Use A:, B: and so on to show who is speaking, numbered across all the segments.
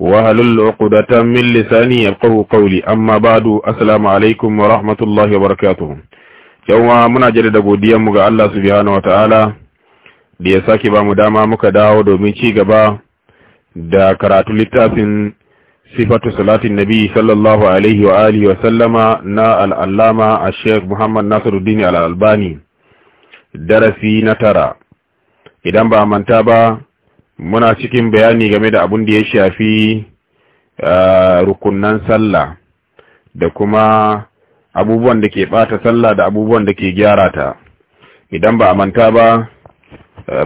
A: وهل عقدة من لساني يفقه قولي أما بعد السلام عليكم ورحمة الله وبركاته يوم jira da godiyan mu ga Allah subhanahu wataala da ya saki ba mu dama muka dawo domin ci gaba da karatu littafin sifatu salatin nabi sallallahu na al'allama a sheikh muhammad nasiruddin al'albani darasi na tara idan ba manta ba muna cikin bayani game da abun da ya shafi rukunan sallah da kuma abubuwan da ke bata sallah da abubuwan da ke gyara ta idan ba a manta ba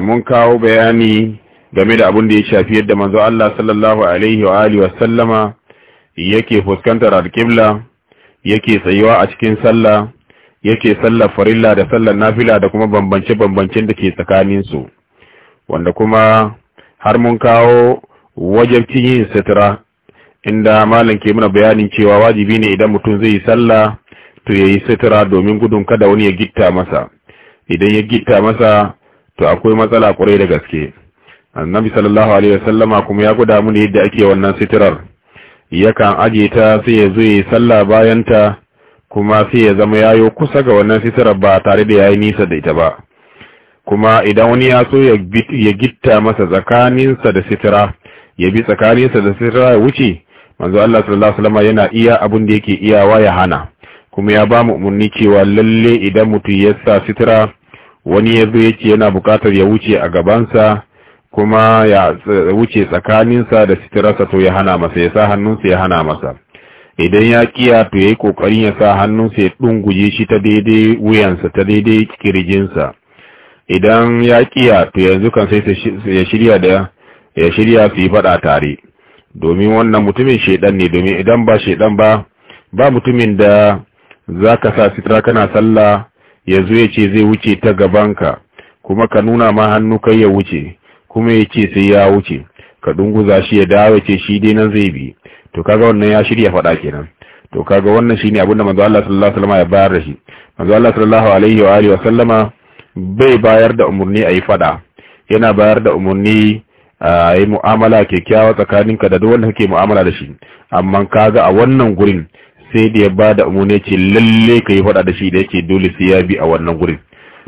A: mun kawo bayani game da abun da ya shafi yadda manzo Allah sallallahu alaihi wa alihi wasallama yake fuskantar alƙibla yake tsayuwa a cikin sallah yake sallar farilla da sallar nafila da kuma bambance-bambancen da ke tsakaninsu wanda kuma har mun kawo wajabcin yin sitira inda malam ke muna bayanin cewa wajibi ne idan mutum zai yi sallah to yayi sutura domin gudun kada wani ya gitta masa idan ya gitta masa to akwai matsala kwarai da gaske annabi sallallahu alaihi wasallama kuma ya guda mu ne yadda ake wannan sitirar yakan aje ta sai ya zo yi sallah bayan ta kuma sai ya zama yayo kusa ga wannan sitirar ba tare da yayi nisa da ita ba kuma idan wani ya so ya gitta masa tsakaninsa da sitira ya bi tsakaninsa da sitira ya wuce manzo Allah sallallahu alaihi wasallam yana iya abun da yake iyawa ya hana kuma ya ba mu umarni cewa lalle idan mutu ya sa sitira wani ya zo yake yana bukatar ya wuce a gabansa kuma ya wuce tsakaninsa da sitirarsa to ya hana masa ya sa hannunsa ya hana masa idan ya kiya to yayi kokarin ya sa hannunsa ya dunguje shi ta daidai wuyansa ta daidai kirjinsa idan ya kiya to yanzu kan sai ya shirya da ya shirya su yi fada tare domin wannan mutumin shedan ne domin idan ba shedan ba ba mutumin da zaka sa sitra kana sallah yanzu ya ce zai wuce ta gabanka kuma ka nuna ma hannu kai ya wuce kuma ya ce sai ya wuce ka dunguza shi ya dawo ce shi dai nan zai bi to kaga wannan ya shirya fada kenan to kaga wannan shine abin da manzo Allah sallallahu alaihi wasallam ya bayar da shi manzo Allah sallallahu alaihi wa alihi wa sallama bai bayar da umarni a yi fada yana bayar da umarni a yi mu'amala kyakkyawa tsakaninka da duk wanda kake mu'amala da shi amma ka ga a wannan gurin sai da ya ba da umarni ce lalle ka yi fada da shi da yake dole sai ya bi a wannan gurin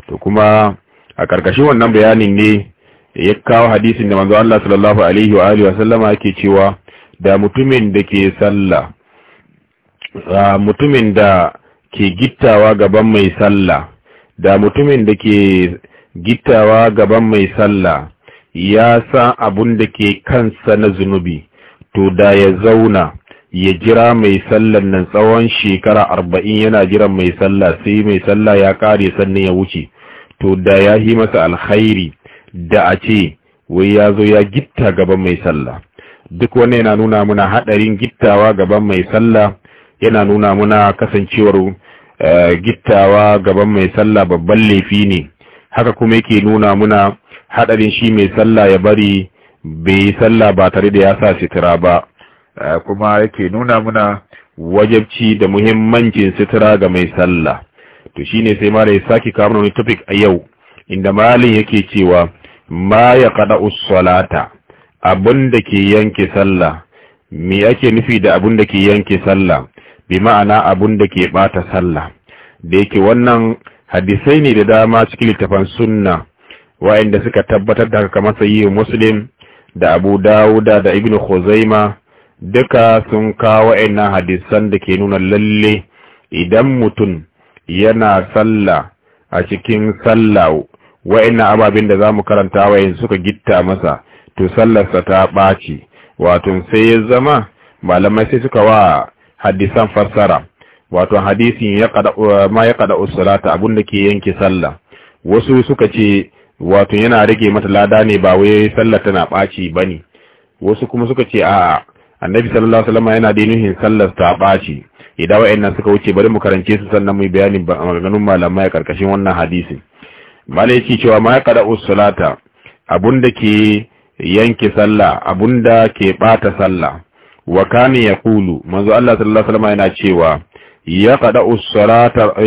A: to kuma a karkashin wannan bayanin ne ya kawo hadisin da manzo Allah sallallahu alaihi wa alihi wa sallama yake cewa da mutumin da ke sallah mutumin da ke gittawa gaban mai sallah da mutumin da ke gittawa gaban mai sallah ya sa abun da ke kansa na zunubi to da ya zauna ya jira mai sallan nan tsawon shekara arba'in yana jiran mai sallah sai mai sallah ya kare sannan ya wuce to da ya yi masa alkhairi da a ce wai ya zo ya gitta gaban mai sallah duk wannan yana nuna muna haɗarin gittawa gaban mai sallah yana nuna muna kasancewar Eh, gittawa gaban mai sallah babban laifi ne haka kuma yake nuna muna hadarin shi mai sallah ya bari bai yi sallah ba tare da ya sa sitira ba eh, kuma yake nuna muna wajabci da muhimmancin sitira ga mai sallah to shine sai malai saki kawo wani topic a yau inda malin yake cewa ma ya kada abun da ke yanke sallah me ake nufi da abun da ke yanke sallah bi ma'ana abun da ke bata sallah da yake wannan hadisai ne da dama cikin littafan sunna wa'inda suka tabbatar da kamar sayyid muslim da abu dauda da ibnu khuzaima duka sun kawo wa'annan hadisan da ke nuna lalle idan mutum yana sallah a cikin sallah wa'annan ababin da zamu karanta wa'in suka gitta masa to sallarsa ta ɓaci wato sai ya zama malamai sai suka wa hadisan fassara wato hadisin ya kada ma ya kada usulata abinda ke yanke sallah wasu suka ce wato yana rage mata lada ne ba wai sallah tana baci bane wasu kuma suka ce a'a annabi sallallahu alaihi wasallam yana da nuhin sallar ta baci idan wayannan suka wuce bari mu karance su sannan mu bayani maganganun malamai karkashin wannan hadisin malai yake cewa ma ya kada usulata abinda ke yanke sallah abinda ke bata sallah وكان يقول منذ الله صلى الله عليه وسلم ينعشيوا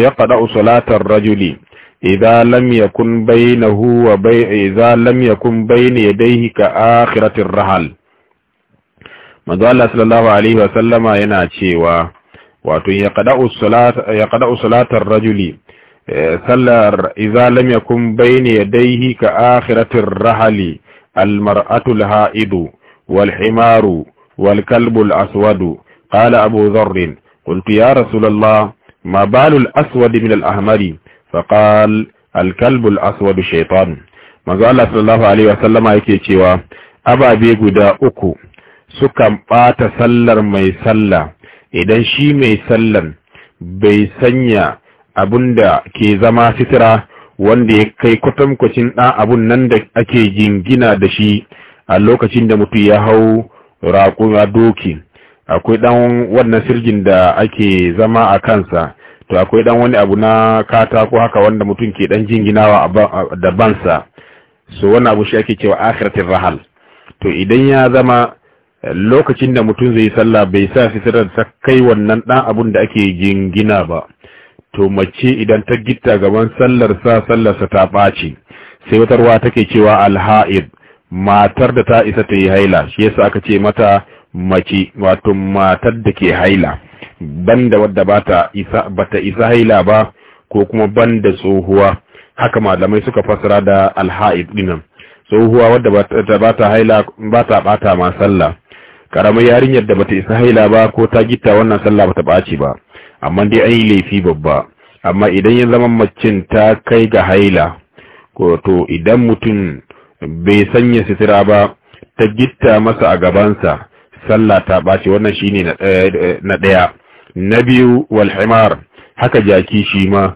A: يقدأ صلاة الرجل إذا لم يكن بينه وبين إذا لم يكن بين يديه كآخرة الرحل منذ الله صلى الله عليه وسلم ينعشيوا وقت يقدأ الصلاة يقدأ صلاة الرجل آه، إذا لم يكن بين يديه كآخرة الرحل المرأة الهائد والحمار والكلب الأسود قال أبو ذر ya يا رسول الله ما بال الأسود من الأحمر فقال الكلب الأسود شيطان manzo Allah sallallahu alaihi wasallama yake cewa ababe guda uku sukan ɓata sallar mai salla idan shi mai sallar bai sanya da ke zama fitira wanda ya kai kwatankwacin ɗan abun nan da ake jingina da shi a lokacin da mutum ya hau raƙuma doki akwai dan wannan sirgin da ake zama a kansa to akwai ɗan wani abu na katako haka wanda mutum ke dan jinginawa da bansa so wani abu shi ake cewa akhiratin rahal to idan ya zama lokacin da mutum zai sallah bai sa fitirar ta kai wannan ɗan abun da ake jingina ba to mace idan ta gitta gaban sallar sa sallar ta ɓaci sai watarwa take cewa alha'id matar da ta isa ta yi haila shi yasa aka ce mata mace wato matar da ke haila banda wadda bata isa isa haila ba ko kuma banda tsohuwa haka malamai suka fasara da alha'id dinan tsohuwa wadda bata ta haila bata bata ma sallah karamar yarinyar da bata isa haila ba ko ta gita wannan sallah bata baci ba amma dai an yi laifi babba amma idan ya zama macin ta kai ga haila ko to idan mutum bai sanya sitira ba ta gitta masa a gabansa sallah ta ɓaci. wannan shine eh, na ɗaya na biyu Wal himar haka jaki shi ma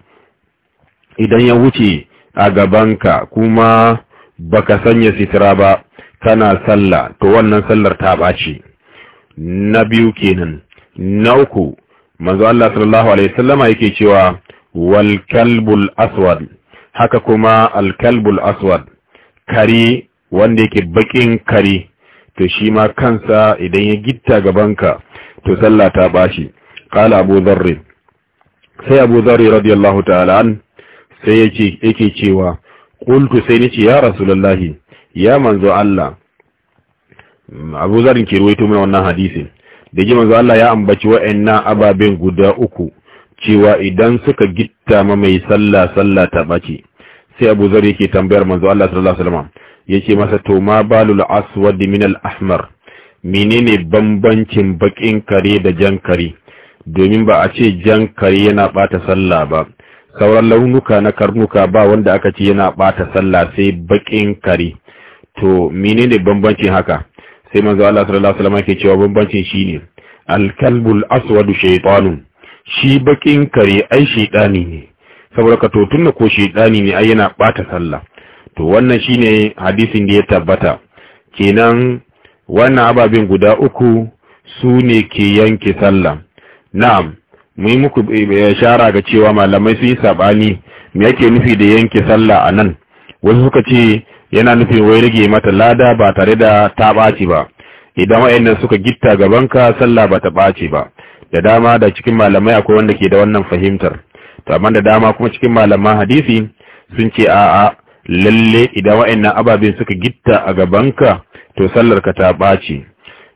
A: idan ya wuce a gabanka kuma baka sanya sitira ba kana sallah to wannan sallar ta ɓaci. na biyu kenan na uku manzo Allah sallallahu alaihi wasallama yake cewa wal kalbul aswad haka kuma al kalbul aswad kare wanda yake bakin kare to shi ma kansa idan ya gitta gabanka to sallah ta bashi qala abu dharr sai abu dharr radiyallahu ta'ala an sai yake yake cewa qultu sai nace ya rasulullahi ya manzo Allah abu dharr ke ruwaito mana wannan hadisin da ji manzo Allah ya ambaci wa'annan ababen guda uku cewa idan suka gitta ma mai sallah sallah ta bace sai Abu Zar yake tambayar manzo Allah sallallahu alaihi wasallam yace masa to ma balul aswad min al ahmar menene bambancin bakin kare da jan kare domin ba a ce jan kare yana bata sallah ba sauran launuka na karnuka ba wanda aka ce yana bata sallah sai bakin kare to menene bambancin haka sai manzo Allah sallallahu alaihi wasallam ke cewa bambancin shine al kalbul aswad shaytanun shi bakin kare ai shaytani ne saboda ka to tunda ko shedani ne ai yana bata sallah to wannan shine hadisin da ya tabbata kenan wannan ababen guda uku sune ke yanke sallah na'am mai muku eh, shara ga cewa malamai sun yi sabani me yake nufi da yanke sallah a nan wasu suka ce yana nufin wai rage mata lada ba tare da ta ɓaci ba idan wayannan suka gitta ka sallah ba ta ɓaci ba da dama da cikin malamai akwai wanda ke da wannan fahimtar to amma da dama kuma cikin malaman hadisi sun ce a'a lalle idan wa'annan ababen suka gitta a gabanka to sallar ka ta ɓaci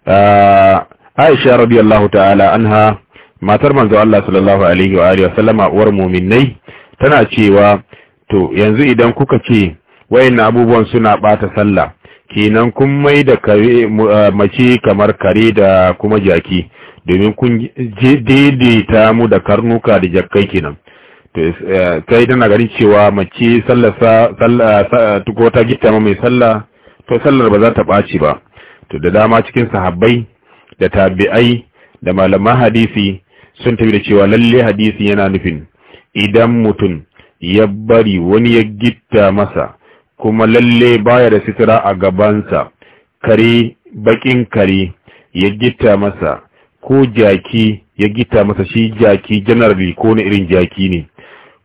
A: ah, Aisha radiyallahu ta'ala anha matar manzo Allah sallallahu alaihi wa alihi sallama uwar mu'minai tana cewa to yanzu idan kuka ce wayanna abubuwan suna bata sallah kenan kun mai da kare ah, mace kamar kare da kuma jaki domin kun daidaita mu da karnuka da jakkai kenan kai tana gari cewa mace sallarsa ko ta gita ma mai sallah to sallar ba za ta ɓaci ba to da dama cikin sahabbai da tabi'ai da malaman hadisi sun tafi da cewa lalle hadisi yana nufin idan mutum ya bari wani ya gita masa kuma lalle baya da sitira a gabansa kare bakin kare ya gita masa ko jaki ya gita masa shi jaki janarali ko na irin jaki ne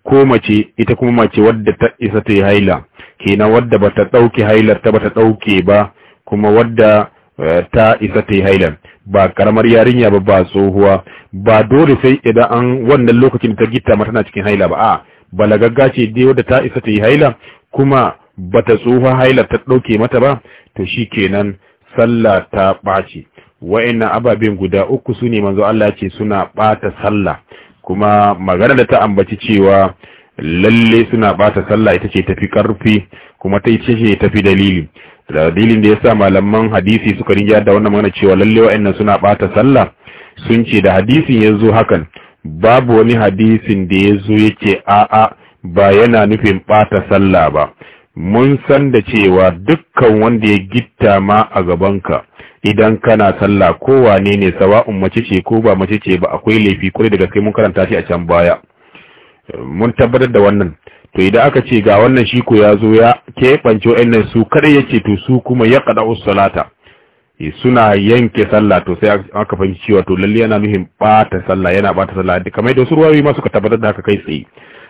A: ko mace ita kuma mace wadda ta isa ta yi haila kenan wadda ba ta ɗauke hailar ta ba ta ɗauke ba kuma wadda eh, ta isa ta yi hailar ba karamar yarinya ba ba tsohuwa ba dole sai idan an wannan lokacin ta gita mata na cikin haila ba a balagagga ce dai wadda ta isa ta yi haila kuma ba ta tsohuwa hailar ta ɗauke mata ba to shi kenan sallah ta ɓaci wa'annan ababen guda uku su ne manzo Allah ce suna ɓata sallah kuma magana da ta ambaci cewa lalle suna bata sallah ita ce tafi karfi kuma ta ce ce tafi dalili dalilin da ya sa malaman hadisi suka rinja da wannan magana cewa lalle wa'annan suna bata sallah sun ce da hadisin ya zo hakan babu wani hadisin da ya zo yazo yake a'a ba yana nufin bata sallah ba mun san da cewa dukkan wanda ya gitta ma a gabanka idan kana sallah wane ne sawa'un mace ce ko ba mace ce ba akwai laifi kwarai daga gaske mun karanta shi a can baya mun tabbatar da wannan to idan aka ce ga wannan shi ko ya zo ya keɓance nan su kada ya ce to su kuma ya kada usulata e, suna yanke sallah to sai aka fahimci cewa to lalle yana nuhin bata sallah yana bata sallah kamar da wasu ruwayoyi ma suka tabbatar da haka kai tsaye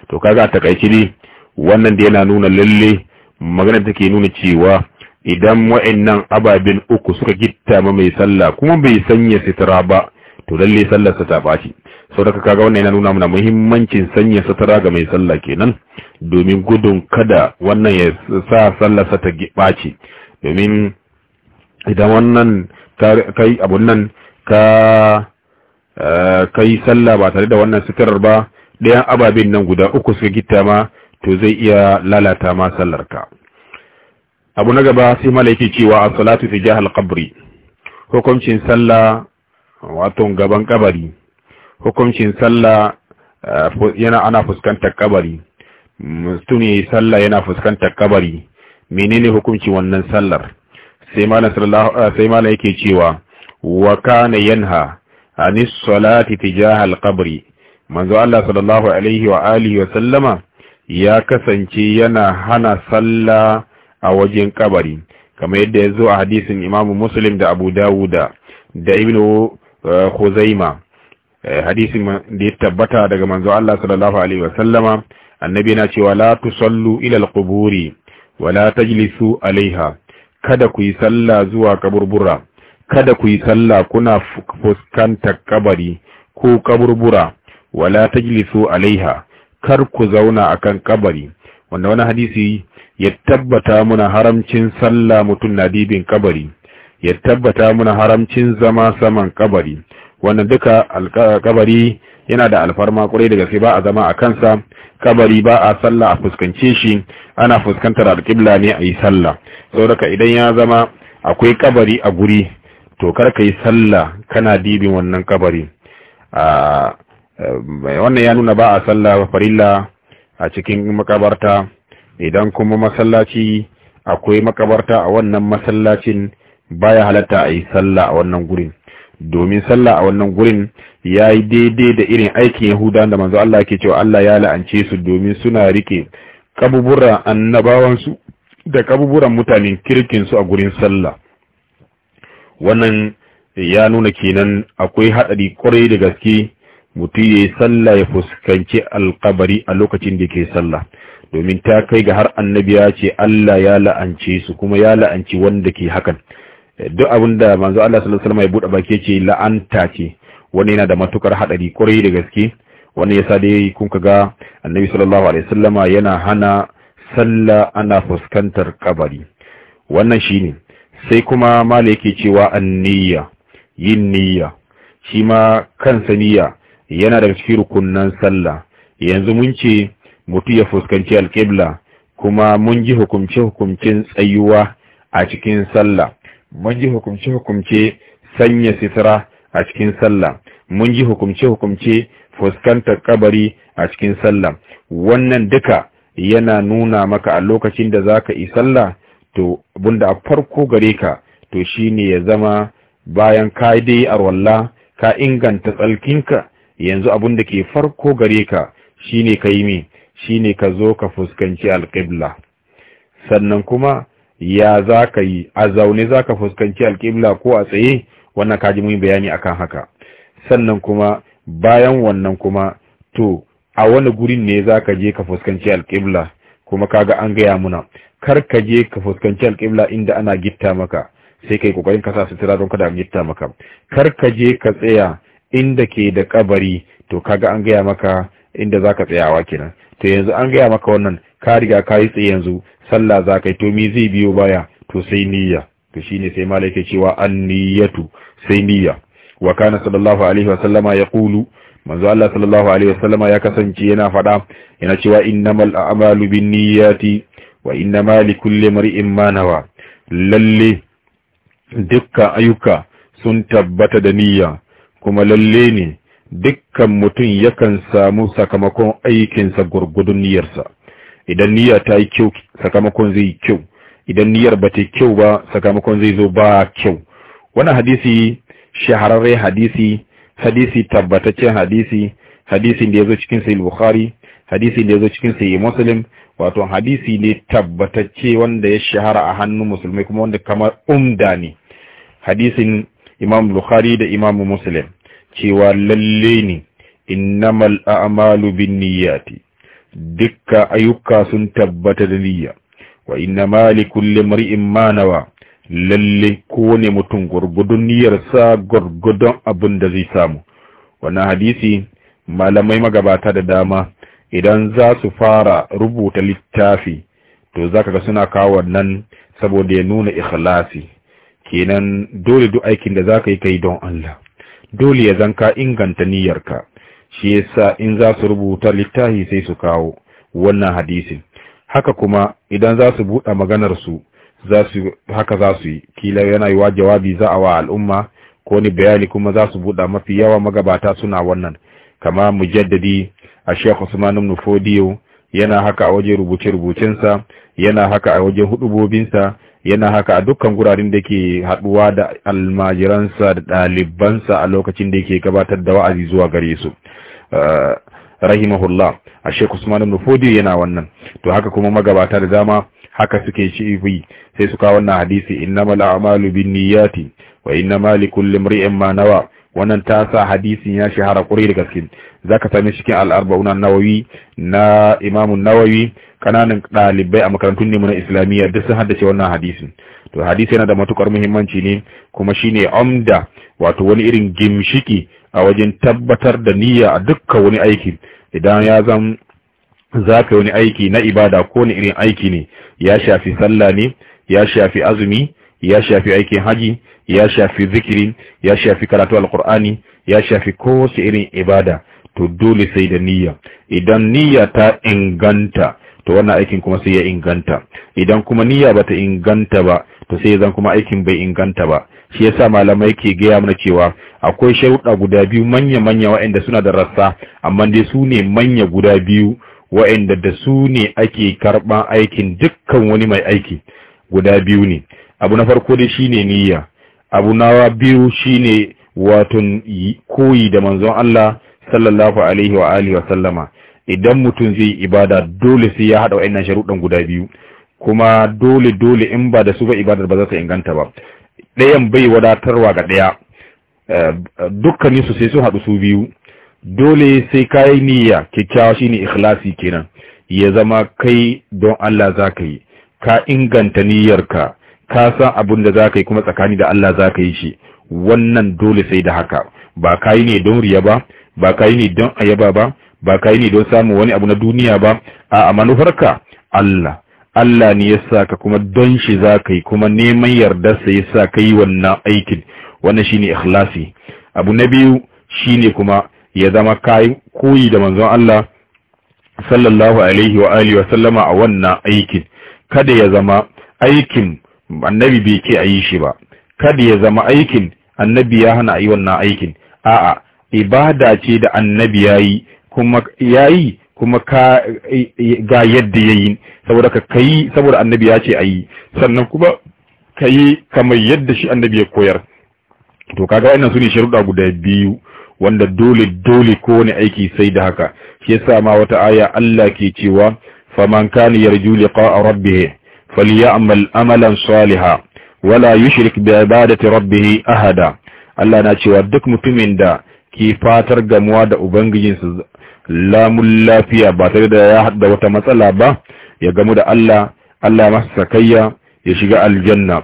A: to kaga a takaice ne wannan da yana nuna lalle magana take nuna cewa idan wa'annan ababen uku suka gitta ma mai sallah kuma bai sanya sitara ba to lalle sallarsa ta baci sau da kaga wannan yana nuna mana muhimmancin sanya sutura ga mai sallah kenan domin gudun kada wannan ya sa sallarsa ta ɓaci domin idan wannan kai abun nan ka eh, kai sallah ba tare da wannan sitarar ba ɗayan ababen nan guda uku suka gitta ma to zai iya lalata ma sallarka abu na gaba sai malaiki cewa a salatu fi jahal qabri hukuncin sallah wato gaban kabari hukuncin sallah eh, yana ana fuskantar kabari mutum ya yi sallah yana fuskantar kabari menene hukuncin wannan sallar sai malam sallallahu eh, sai malam yake cewa wa kana yanha anis salati tijaha alqabri manzo Allah sallallahu alaihi wa alihi wa sallama ya kasance yana hana sallah a wajen kabari kamar yadda ya zo a hadisin imamu muslim da abu dawuda da ibnu uh, huzaima eh, hadisin da ya tabbata daga manzo Allah sallallahu alaihi wasallama annabi na cewa la tusallu ila alquburi wala tajlisu alaiha kada ku yi sallah zuwa kaburbura kada ku yi sallah kuna fuskantar kabari ko kaburbura wala tajlisu alaiha kar ku zauna akan kabari wanda wani hadisi ya tabbata muna haramcin sallah mutum na dibin kabari ya tabbata muna haramcin zama saman kabari wannan duka kabari yana da alfarma kurai da gaske ba a zama a kansa kabari ba a sallah a fuskance shi ana fuskantar alƙibla ne a yi sallah daga idan ya zama akwai kabari a guri to kar ka yi sallah kana dibin wannan kabari ah, eh, wannan ya nuna ba a sallah farilla a cikin makabarta idan kuma masallaci akwai makabarta a wannan masallacin baya halatta a yi sallah a wannan gurin domin sallah a wannan gurin ya yi daidai da irin aikin yahuda da manzo Allah ke cewa Allah ya la'ance su domin suna rike kabuburan annabawansu da kabuburan mutanen kirkin su a gurin sallah wannan ya nuna kenan akwai haɗari kwarai da gaske mutum ya yi sallah ya fuskanci alkabari a lokacin da ke sallah domin ta kai ga har annabi ya ce Allah ya la'ance su kuma ya la'anci wanda ke hakan duk abin da manzo Allah sallallahu alaihi wasallam ya buɗa baki ce la'anta ce wani yana da matukar hadari kwarai da gaske wani yasa dai kun ga annabi sallallahu alaihi wasallam yana hana sallah ana fuskantar kabari wannan shine sai kuma malaka yake cewa niyya yin niyya shi ma kansa niyya yana daga cikin rukunnan sallah yanzu mun ce mutu ya fuskanci alƙibla kuma mun ji hukumce-hukumcen tsayuwa a cikin sallah mun ji hukumce-hukumce sanya sitira a cikin sallah mun ji hukumce-hukumce fuskantar kabari a cikin sallah wannan duka yana nuna maka a lokacin da za ka yi sallah to bunda a farko gare ka to shine ya zama bayan ka dai arwalla ka inganta tsalkinka yanzu abun da ke farko gare ka shine ka yi shine ka zo ka fuskanci alƙibla sannan kuma ya za ka yi a zaune za ka fuskanci alƙibla ko a tsaye wannan kaji mun bayani akan haka sannan kuma bayan wannan kuma to a wani gurin ne za ka je ka fuskanci alƙibla kuma kaga an gaya muna kar ka je ka fuskanci alƙibla inda ana gitta maka sai kai kokarin ka sa sutura don kada a gitta maka kar ka je ka tsaya inda ke da kabari to kaga an gaya maka inda zaka tsayawa kenan to yanzu an gaya maka wannan ka riga ka yi tsaye yanzu sallah za ka yi to me zai biyo baya to sai niyya to shine sai malai cewa an niyyatu sai niyya wa kana sallallahu alaihi wasallama yaqulu manzo Allah sallallahu alaihi sallama ya kasance yana fada yana cewa innamal a'malu binniyati wa innama likulli mar'in ma nawa lalle dukkan ayyuka sun tabbata da niyya kuma lalle ne dukkan mutum yakan samu sakamakon aikinsa gurgudun niyyarsa idan niyya ta yi kyau sakamakon zai yi kyau idan niyyar ba ta kyau ba sakamakon zai zo ba kyau wannan hadisi shahararre hadisi hadisi tabbataccen hadisi hadisi da ya zo cikin sai bukhari hadisi da ya zo cikin sai muslim wato hadisi ne tabbatacce wanda ya shahara a hannun musulmai kuma wanda kamar umda ne hadisin imam bukhari da imam muslim cewa lalle ne innamal a'malu binniyati dukka ayyuka sun tabbata da niyya wa innama likulli mar'in ma nawa lalle kowane mutum gurgudun sa gurgudun abin da zai samu wannan hadisi malamai magabata da dama idan za su fara rubuta littafi to zaka ga suna kawo nan saboda ya nuna ikhlasi kenan dole duk aikin da zaka yi kai don Allah dole ya zanka inganta niyyarka shi yasa in za su rubuta littafi sai su kawo wannan hadisin haka kuma idan za su buɗa maganar haka za su yi kila yana yi wa jawabi za a wa al'umma ko ni bayani kuma za su buɗe mafi yawa magabata suna wannan kama mujaddadi a Sheikh Usman ibn yana haka a wajen rubuce-rubucensa yana haka a wajen hudubobinsa yana haka a dukkan guraren da ke haduwa da almajiransa da dalibansa a lokacin da yake gabatar da wa'azi zuwa gare su uh, rahimahullah a Sheikh Usman ibn Fodi yana wannan to haka kuma magabata da dama haka suke shi sai su suka wannan hadisi innamal a'malu binniyati wa innamal likulli imrin ma nawa wannan ta sa hadisin ya shahara ƙuri da gaske zaka same shi cikin al'arba'una nawawi na imamu nawawi kananan ɗalibai a makarantun nemu na islamiyya duk sun haddace wannan hadisin to hadisi yana da matukar muhimmanci ne kuma shine amda wato wani irin gimshiki a wajen tabbatar da niyya a dukka wani aiki idan ya zan zaka wani aiki na ibada ko wani irin aiki ne ya shafi sallah ne ya shafi azumi ya shafi aikin haji ya shafi zikiri ya shafi karatu alkur'ani ya shafi kowace irin ibada to dole sai da niyya idan niyya ta inganta to wannan aikin kuma sai ya inganta idan kuma niyya bata inganta ba to sai zan kuma aikin bai inganta ba shi yasa malamai ke gaya mana cewa akwai sharuɗa guda biyu manya-manya waɗanda suna da rassa amma dai su ne manya guda biyu waɗanda da su ne ake karɓan aikin dukkan wani mai aiki guda biyu ne abu na farko dai shine niyya abu nawa biyu shine waton koyi da manzon Allah sallallahu alaihi wa alihi wa sallama idan mutum zai ibada dole sai ya hada wayannan sharuɗan guda biyu kuma dole dole in ba da su ba ibadar ba za ta inganta ba ɗayan bai wadatarwa ga ɗaya eh, dukkanin su sai sun haɗu su biyu dole sai kayi niyya kyakkyawa shine ikhlasi kenan ya zama kai don Allah za ka yi ka inganta niyyarka ka san abin da zaka yi kuma tsakani da Allah zaka yi shi wannan dole sai da haka ba kai ne don riya ba ba kai ne don ayaba ba ba kai ne don samun wani abu na duniya ba a manufarka Allah Allah ne ya sa ka kuma don shi za ka yi kuma neman yardarsa ya sa ka yi wannan aikin wannan shi ikhlasi abu na biyu shi kuma ya zama kai koyi da manzon Allah sallallahu alaihi wa alihi wa sallama a wannan aikin kada ya zama aikin annabi bai ce a yi shi ba kada ya zama aikin annabi ya hana a yi wannan aikin a'a ibada ce da annabi ya yi kuma ya yi kuma ka ga yadda ya yi saboda ka kai saboda annabi ya ce a yi sannan kuma ka yi kamar yadda shi annabi ya koyar to kaga wannan su ne sharuɗa guda biyu wanda dole dole kowane aiki sai da haka shi yasa ma wata aya Allah ke cewa faman kana yarju liqa rabbih falyamal amalan saliha wala yushrik bi ibadati rabbih ahada Allah na cewa duk mutumin da ke fatar gamuwa da ubangijinsa lamun lafiya ba tare da ya hada wata matsala ba ya gamu da Allah Allah masa sakayya ya shiga aljanna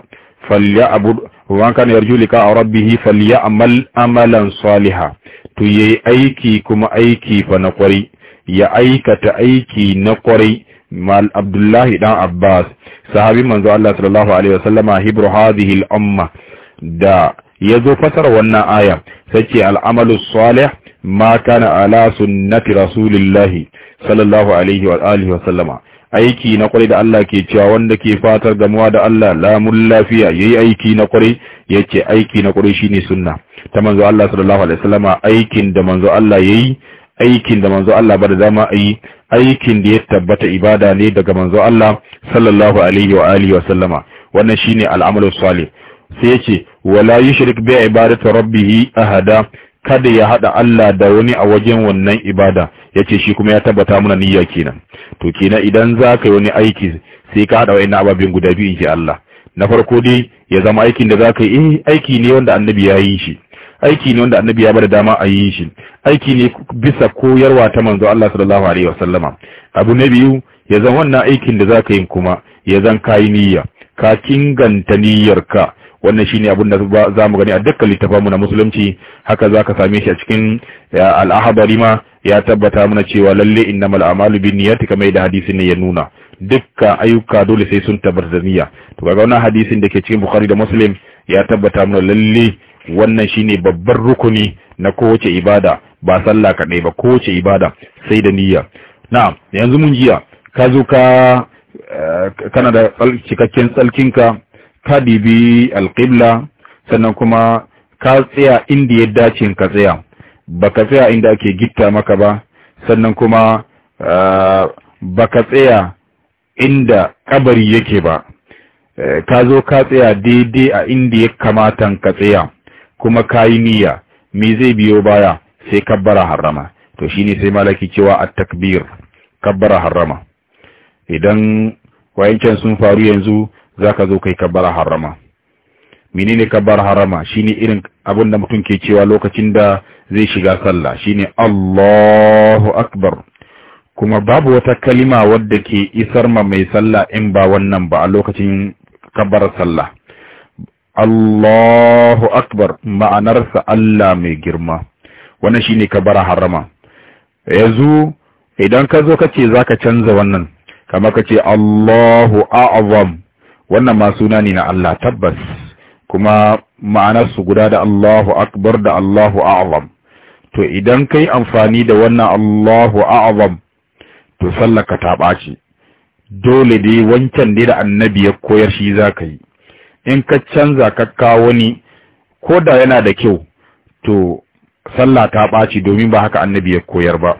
A: falyabud wa kana yarju lika rabbih falyamal amalan saliha to yayi aiki kuma aiki fa na kwari ya aikata aiki na kwari mal abdullahi dan abbas sahabi manzo Allah sallallahu alaihi wasallama hibru hadhihi al-umma da yazo fatar wannan aya sace al-amalu salih ma kana ala sunnati rasulillahi sallallahu alaihi wa alihi wasallama aiki na kwarai da Allah ke cewa wanda ke fatar gamuwa da Allah lamun lafiya yayi aiki na kwarai yace aiki na kwarai shine sunna ta manzo Allah sallallahu alaihi wasallama aikin da manzo Allah yayi aikin da manzo Allah ba da dama a yi aikin da ya tabbata ibada ne daga manzo Allah sallallahu alaihi wa alihi wa sallama wannan shine al'amalu salih sai yace wala yushrik bi ibadati rabbih ahada kada ya hada Allah da wani a wajen wannan ibada yace shi kuma ya tabbata muna niyya kenan to kenan idan zaka yi wani aiki sai ka hada wayannan ababin guda biyu inji Allah na farko dai ya zama aikin da zaka yi eh aiki ne wanda annabi ya yi shi aiki ne wanda annabi ya bada dama a yi shi aiki ne bisa koyarwa ta manzo Allah sallallahu alaihi wasallama abu na biyu ya zan wannan aikin da zaka yi kuma ya zan kayi niyya ka kinganta niyyarka wannan shine abin da za mu gani a dukkan littafin mu na musulunci haka zaka same shi a cikin eh, al-ahbari ma ya tabbata mana cewa lalle innamal a'malu binniyati kamar da hadisin ne ya nuna dukkan ayyuka dole sai sun tabbata da niyya to kaga wannan hadisin da ke cikin bukhari da muslim ya tabbata mana lalle wannan shine babban rukuni na kowace ibada ba sallah kaɗai ba kowace ibada sai da niyya na'am yanzu mun jiya ka zo ka eh, kana da cikakken tsalkinka ka dibi alƙibla sannan kuma ka tsaya inda ya dace ka tsaya baka tsaya inda ake gitta maka ba sannan kuma eh, baka tsaya inda kabari yake ba eh, ka zo ka tsaya daidai a inda ya kamata ka tsaya kuma kayi niyya me zai biyo baya sai kabbara harrama to shine sai malaki cewa at-takbir kabbara harrama idan wayancan sun faru yanzu zaka zo kai kabbara harrama menene kabbara harrama shine irin abin da mutum ke cewa lokacin da zai shiga sallah shine Allahu akbar kuma babu wata kalima wadda ke isar ma mai sallah in ba wannan ba a lokacin kabbara sallah Allahu akbar ma'anarsa Allah mai girma wannan ka bara harama yanzu idan ka zo za ka canza wannan kama ka ce, Allahu a'zam wannan ma suna ne na Allah tabbas kuma ma'anarsu guda da Allahu akbar da Allahu a'zam to idan ka yi amfani da wannan Allahu a'zam to sallaka ta ɓaci dole dai wancan dai da annabi ya koyar shi za ka yi in ka canza ka kawo wani ko da yana da kyau to sallah ta ɓaci domin ba haka annabi ya koyar ba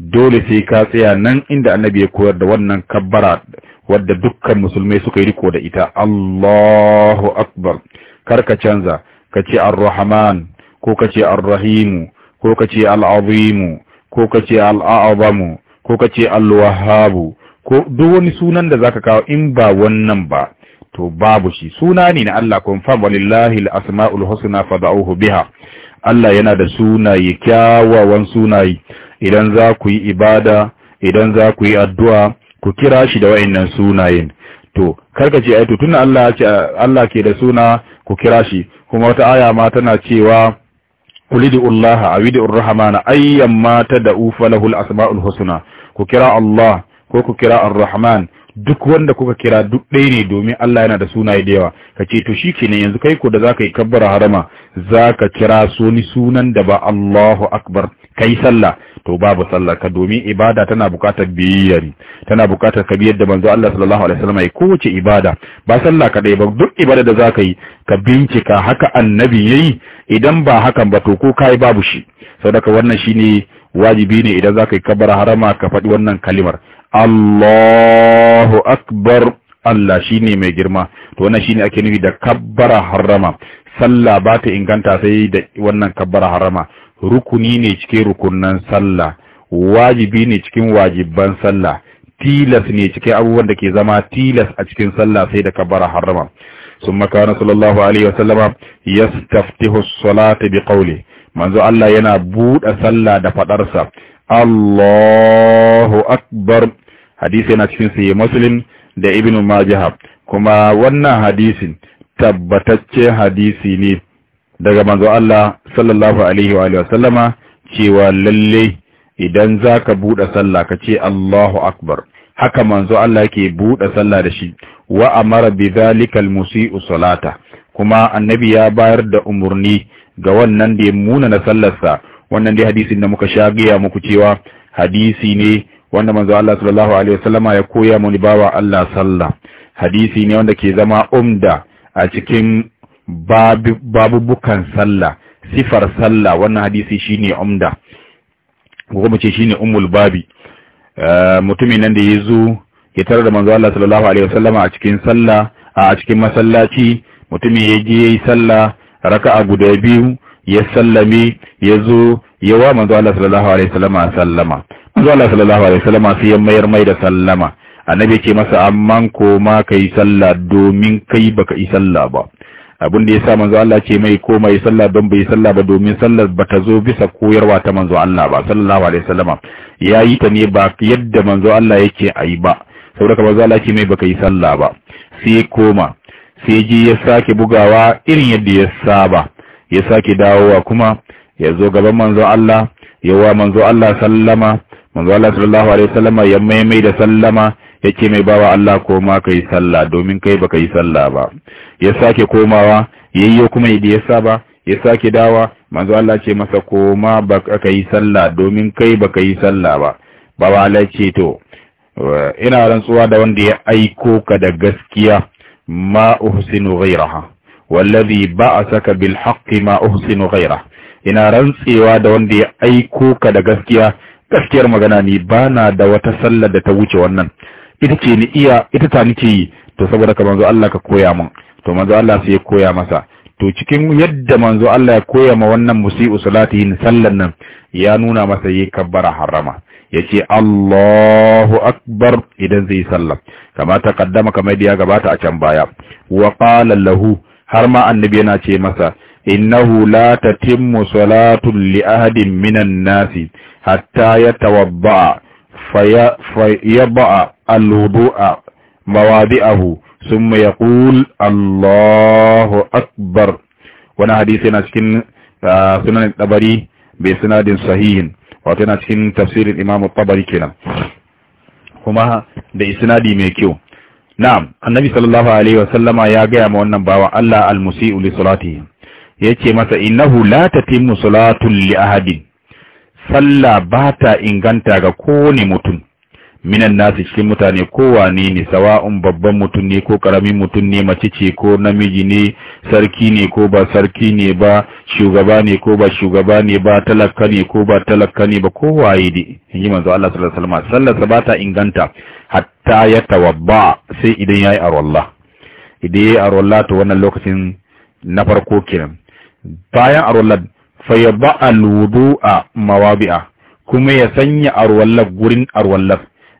A: dole sai ka tsaya nan inda annabi ya koyar da wannan kabbara wadda dukkan musulmai suka yi riko da ita Allahu akbar kar ka canza ka ce ar-rahman ko ka ce ar-rahim ko ka ce al-azim ko ka ce al-a'zam ko ka ce al-wahhab ko duk wani sunan da zaka kawo in ba wannan ba to babu shi suna ne na Allah confirm walillahi al-asma'ul husna fad'uhu biha Allah yana da sunaye kyawawan sunaye idan za ku yi ibada idan za ku yi addu'a ku kira shi da wayannan sunayen to karkace ai to Allah ce Allah ke da suna ku kira shi kuma wata aya ma tana cewa ulidullaha awidur rahmana ayyamma tad'u falahul asma'ul husna ku kira Allah ko ku kira ar-rahman duk wanda kuka kira duk ɗaya ne domin Allah yana da sunaye da yawa ka ce to shi kenan yanzu kai ko da ka yi kabbar harama zaka kira soni sunan da ba Allahu akbar kai sallah to babu sallah ka domin ibada tana bukatar biyayyari tana buƙatar ka biyar da manzo Allah sallallahu alaihi wasallam ya kowace ibada ba sallah kaɗai ba duk ibada da za ka yi ka bincika haka annabi yayi idan ba hakan ba to ko kai babu shi saboda wannan ne. wajibi ne idan za ka yi kabar harama ka faɗi wannan kalimar Allahu akbar Allah shi ne mai girma to wannan shi ne ake nufi da kabbara harama sallah ba ta inganta sai da wannan kabbara harama rukuni ne cikin rukunan sallah wajibi ne cikin wajibban sallah tilas ne cikin abubuwan da ke zama tilas a cikin sallah sai da kabbara harama ثم كان صلى الله عليه وسلم يستفتح الصلاة بقوله manzo Allah yana buɗe sallah da faɗarsa Allahu akbar hadisi yana cikin sahih muslim da ibn majah kuma wannan hadisin tabbatacce hadisi ne daga manzo Allah sallallahu alaihi wa alihi wasallama cewa lalle idan zaka buɗe sallah ka ce Allahu akbar haka manzo Allah yake buɗe sallah da shi wa amara bi zalikal musii'u salata kuma annabi ya bayar da umurni ga wannan da ya muna na sallarsa wannan dai hadisin da muka sha gaya muku cewa hadisi ne wanda manzo Allah sallallahu alaihi wasallama ya koya mu bawa Allah sallah hadisi ne wanda ke zama umda a cikin babubukan sallah sifar sallah wannan hadisi shine umda ko kuma ce shine umul babi eh, mutumin nan da ya ya tarar da manzo Allah sallallahu alaihi wasallama a cikin sallah a cikin masallaci mutumin ya je yayi sallah raka'a guda biyu ya sallame ya zo ya wa manzo Allah sallallahu alaihi wasallama sallama manzo Allah sallallahu alaihi wasallama sai ya mayar mai da sallama annabi ke masa amma ko ma kai sallah domin kai baka yi sallah ba abin da yasa manzo Allah ce mai ko mai sallah don bai sallah ba domin sallar bata zo bisa koyarwa ta manzo Allah ba sallallahu alaihi wasallama yayi ta ne ba yadda manzo Allah yake ayi ba saboda manzo Allah ce mai baka yi sallah ba sai koma sai ji ya sake bugawa irin yadda ya saba ya sake dawowa kuma ya zo gaban manzo Allah yawa manzo Allah sallama manzo Allah sallallahu alaihi wasallama ya maimai da sallama yake mai bawa Allah ko ma kai sallah domin kai baka yi sallah ba ya sake komawa yayyo kuma yadda ya saba ya sake dawa manzo Allah ce masa koma baka yi sallah domin kai baka yi sallah ba baba Allah ce to ina rantsuwa da wanda ya aiko ka da gaskiya ما أحسن غيرها والذي بعثك بالحق ما أحسن غيره ina rantsewa da wanda ya aiko ka da gaskiya gaskiyar magana ni bana da wata sallar da ta wuce wannan ita ce ni iya ita ta nike yi to saboda ka manzo Allah ka koya min to manzo Allah sai ya koya masa to cikin yadda manzo Allah ya koya ma wannan musi'u salatihin sallar nan ya nuna masa yi kabbara harama yace ce Allahu Akbar idan zai sallam kama ta kaddama kamar da ya gabata a can baya wa qala lahu har ma annabi yana ce masa innahu la tatimmu salatu li ahadin minan nasi hatta yatawadda fa yaba al-wudu'a mawadi'ahu ثم يقول الله أكبر وانا حديثنا سكن سنن الطبري بسناد صحيح wato yana cikin tafsirin imamu Tabari kenan kuma da isnadi mai kyau na'am annabi sallallahu alaihi wasallama ya gaya ma wannan bawa Allah al-musii'u li salatihi yace masa innahu la tatimmu salatu li ahadin sallah bata inganta ga kowane mutum minan nasu cikin mutane kowane ne sawa'un babban mutum ne ko karamin mutum ne mace ce ko namiji ne sarki ne ko ba sarki ne ba shugaba ne ko ba shugaba ne ba talaka ne ko ba talaka ne ba kowa yi ne in ji manzo Allah sallallahu alaihi wasallam sallarsa ba ta inganta hatta ya tawabba sai idan yayi arwalla idan yayi arwalla to wannan lokacin na farko kenan bayan arwalla fayaba alwudu'a mawabi'a kuma ya sanya arwalla gurin arwallar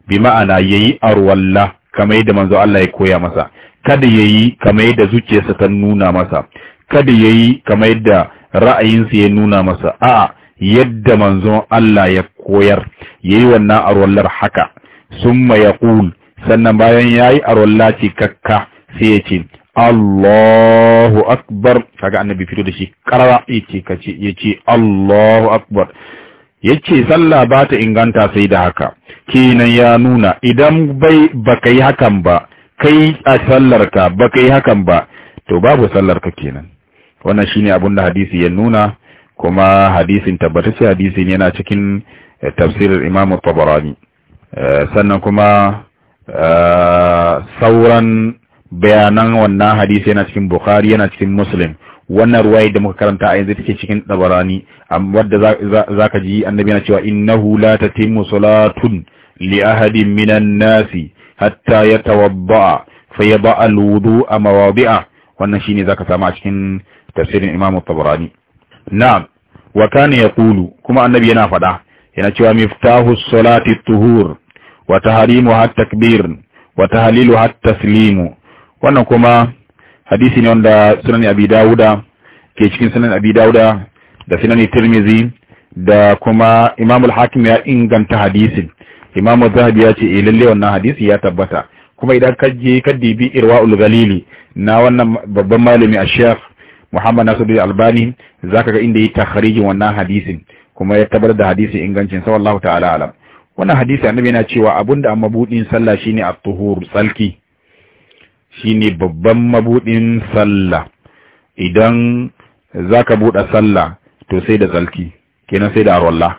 A: bi ma'ana yayi arwalla kamar yadda manzo Allah ya koya masa kada yayi kamar yadda zuciyarsa ta nuna masa kada yayi kamar yadda ra'ayinsa ya nuna masa a'a yadda manzon Allah ya koyar yayi wannan arwallar haka summa yaqul sannan bayan yayi arwalla kakka sai ya ce Allahu akbar kaga annabi fito da shi karara yace kace yace Allahu akbar yace sallah ba ta inganta sai da haka kenan ya nuna idan bai baka yi hakan ba kai a sallarka baka yi hakan ba to babu sallar ka kenan wannan shine abin da hadisi ya nuna kuma hadisin tabbatacce hadisin yana cikin eh, tafsirin Imam Tabarani eh, sannan kuma eh, sauran bayanan wannan hadisi yana cikin Bukhari yana cikin Muslim wannan ruwa da muka karanta a yanzu take cikin tabarani wadda zaka ji annabi yana cewa innahu la tatimmu salatun li ahadin minan nasi hatta yatawadda fa yaba a mawadi'a wannan shine zaka samu a cikin tafsirin Imam tabarani na'am wa kana yaqulu kuma annabi yana fada yana cewa miftahu salati tuhur wa tahrimuha takbir wa tahliluha taslimu wannan kuma hadisi ne wanda sunan abi dawuda ke cikin sunan abi dawuda da sunan tirmizi da kuma imamul al-hakim ya inganta hadisin imam zahabi ya ce eh lalle wannan hadisi ya tabbata kuma idan ka je ka dibi irwaul galili na wannan babban malami a sheikh muhammad nasiru albani zaka ga inda yi takharijin wannan hadisin kuma ya tabbatar da hadisin ingancin sa wallahu ta'ala alam wannan hadisi annabi yana cewa abunda amma budin sallah shine at-tuhur salki. shi ne babban mabudin sallah idan za ka buɗe sallah to sai da tsalki kenan sai da arwalla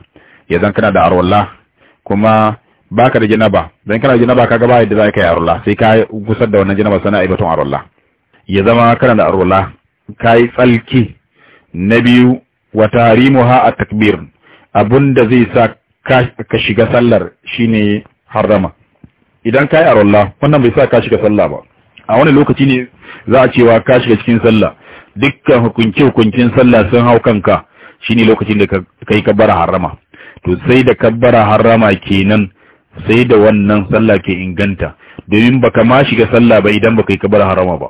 A: ya zan kana da arwalla kuma ba ka da janaba dan kana da janaba ka gaba yadda a yi arwalla sai ka gusar da wannan janaba sana'a ibatun arwalla ya zama kana da arwalla yi tsalki na biyu wa ha a takbir da zai sa ka shiga sallar shine harama idan ka yi arwalla wannan bai sa ka shiga sallah ba a wani lokaci ne za a cewa ka shiga cikin sallah dukkan hukunci hukuncin sallah sun hau kanka shine lokacin da kai kabbara harama to sai da kabbara harama kenan sai da wannan sallah ke inganta domin baka ma shiga sallah ba idan baka yi kabbara harama ba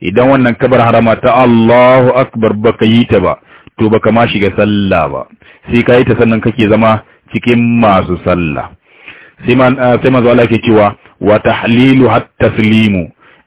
A: idan wannan kabbara harama ta Allahu akbar baka yi ta ba to baka ma shiga sallah ba sai ka yi ta sannan kake zama cikin masu sallah sai man eh, sai manzo ke cewa wa tahlilu hatta taslimu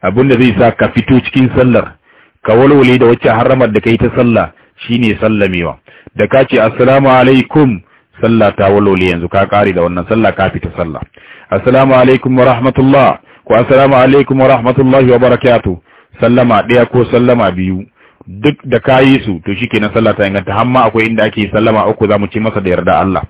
A: abinda zai sa ka fito cikin sallar ka walwale da wacce haramar da kai ta sallah shine sallamewa da ka ce assalamu alaikum sallah ta walwale yanzu ka kare da wannan sallah ka fita sallah assalamu alaikum wa rahmatullah ko assalamu alaikum wa rahmatullahi wa barakatuh sallama daya ko sallama biyu duk da ka yi su to na salla ta inganta hamma akwai inda ake sallama uku zamu ci masa da yarda Allah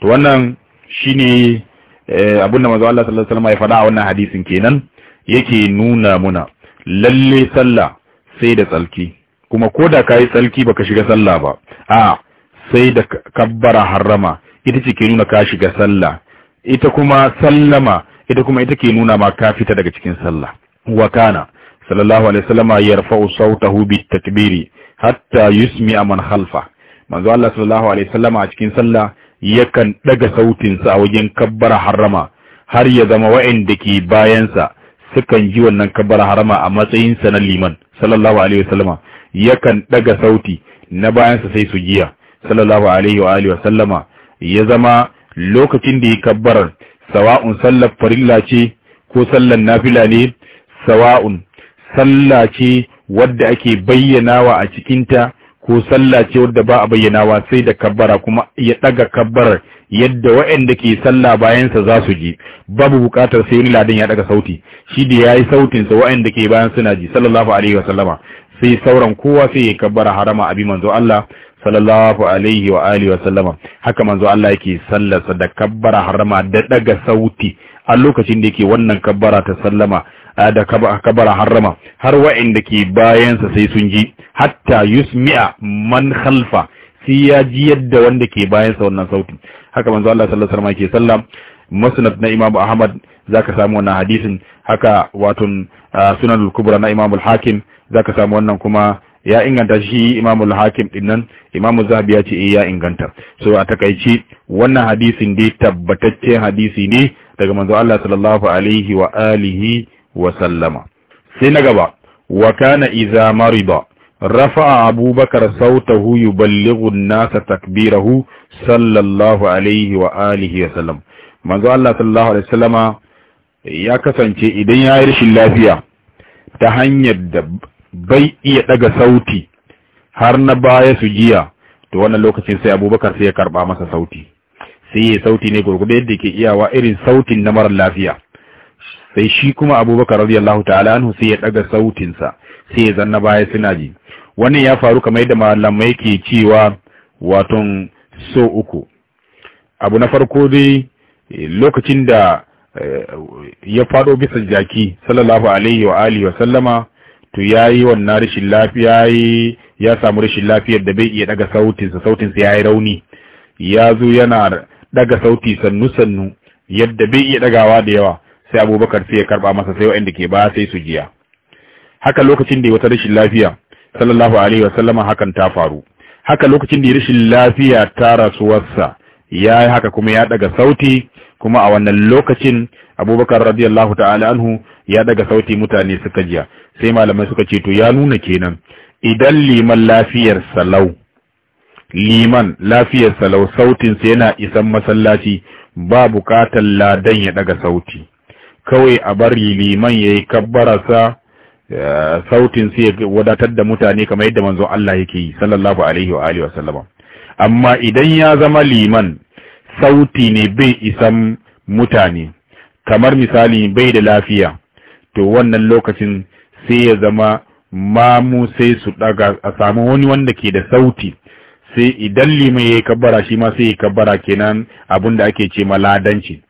A: to wannan shine eh, abin da manzo Allah sallallahu alaihi wasallam ya faɗa a wannan hadisin kenan yake nuna muna lalle sallah sai da tsalki kuma ko da kayi tsalki baka shiga sallah ba a sai da kabbara harrama ita ce ke nuna ka shiga sallah ita kuma sallama ita kuma ita ke nuna ma ka fita daga cikin sallah wa kana sallallahu alaihi wasallama yarfa'u sautahu bitakbiri hatta yusmi man khalfa manzo Allah sallallahu alaihi wasallama a cikin sallah yakan daga sautin sa a wajen kabbara harrama har ya zama wa'anda ke bayansa sukan ji wannan kabbara harama a matsayin sa na liman sallallahu alaihi wasallama yakan daga sauti na bayan sa sai su jiya sallallahu alaihi wa alihi wasallama ya zama lokacin da ya kabbarar sawa'un sallar farilla ce ko sallar nafila ne sawa'un salla ce wadda ake bayyanawa a cikin ta ko sallah ce wadda ba a bayyanawa sai da kabbara kuma ya daga kabbara yadda waɗanda ke sallah bayansa za su ji babu bukatar sai wani ladan ya daga sauti shi da yayi sautin sa waɗanda ke bayan suna ji sallallahu alaihi wasallama sai sauran kowa sai ya kabbara harama abi manzo Allah sallallahu alaihi wa alihi wasallama haka manzo Allah yake sallarsa da kabbara harama da daga sauti a lokacin da yake wannan kabbara ta sallama da kabara harrama har wa'inda ke bayansa sai sun ji hatta yusmi'a man khalfa sai ya ji yadda wanda ke bayansa wannan sautin haka manzo Allah sallallahu alaihi wasallam musnad na Imam Ahmad zaka samu wannan hadisin haka watun sunan al-kubra na Imam al-Hakim zaka samu wannan kuma ya inganta shi Imam al-Hakim dinnan Imam Zahabi ya ce eh ya inganta so a takaici wannan hadisin dai tabbataccen hadisi ne daga manzo Allah sallallahu alaihi wa alihi wasallama sai na gaba wa kana idza mariba rafa'a abubakar sautahu yuballighu an-nasa takbirahu sallallahu alaihi wa alihi wa sallam manzo Allah sallallahu alaihi wasallama ya kasance idan ya yi rashin lafiya ta hanyar da bai iya daga sauti har na baya su jiya to wannan lokacin sai abubakar sai ya karba masa sauti sai ya sauti ne gurgube yadda ke iyawa irin sautin na mara lafiya sai shi kuma abubakar radiyallahu ta'ala anhu sai ya daga sautinsa sai ya zanna baya suna ji wannan ya faru kamar yadda malamai ke cewa waton so uku abu na farko dai lokacin da eh, ya fado bisa jaki sallallahu alaihi wa alihi wa sallama to yayi wannan rashin lafiya ya samu rashin lafiyar da bai iya daga sautinsa sautinsa yayi rauni ya zo yana daga sauti sannu sannu yadda bai iya dagawa da yawa sai abubakar sai ya karba masa sai wa'anda ke ba sai su jiya haka lokacin da wata rashin lafiya sallallahu alaihi wa sallama hakan ta faru haka lokacin da rashin lafiya ta rasuwarsa ya yi haka kuma ya daga sauti kuma a wannan lokacin abubakar radiyallahu ta'ala anhu ya daga sauti mutane suka jiya sai malamai suka ce to ya nuna kenan idan liman lafiyar salau liman lafiyar salau sautin sautinsa yana isan masallaci ba bukatar ladan ya daga sauti kawai a bari liman ya yayi kabbarasa sautin sai ya wadatar da mutane kamar yadda manzo Allah yake yi sallallahu alaihi wa alihi wa sallama amma idan ya zama liman sauti ne bai isan mutane kamar misali bai da lafiya to wannan lokacin sai ya zama mamu sai su daga a samu wani wanda ke da sauti sai idan liman ya yi kabbara shi ma sai ya kabbara kenan abin da ake ce ma ladanci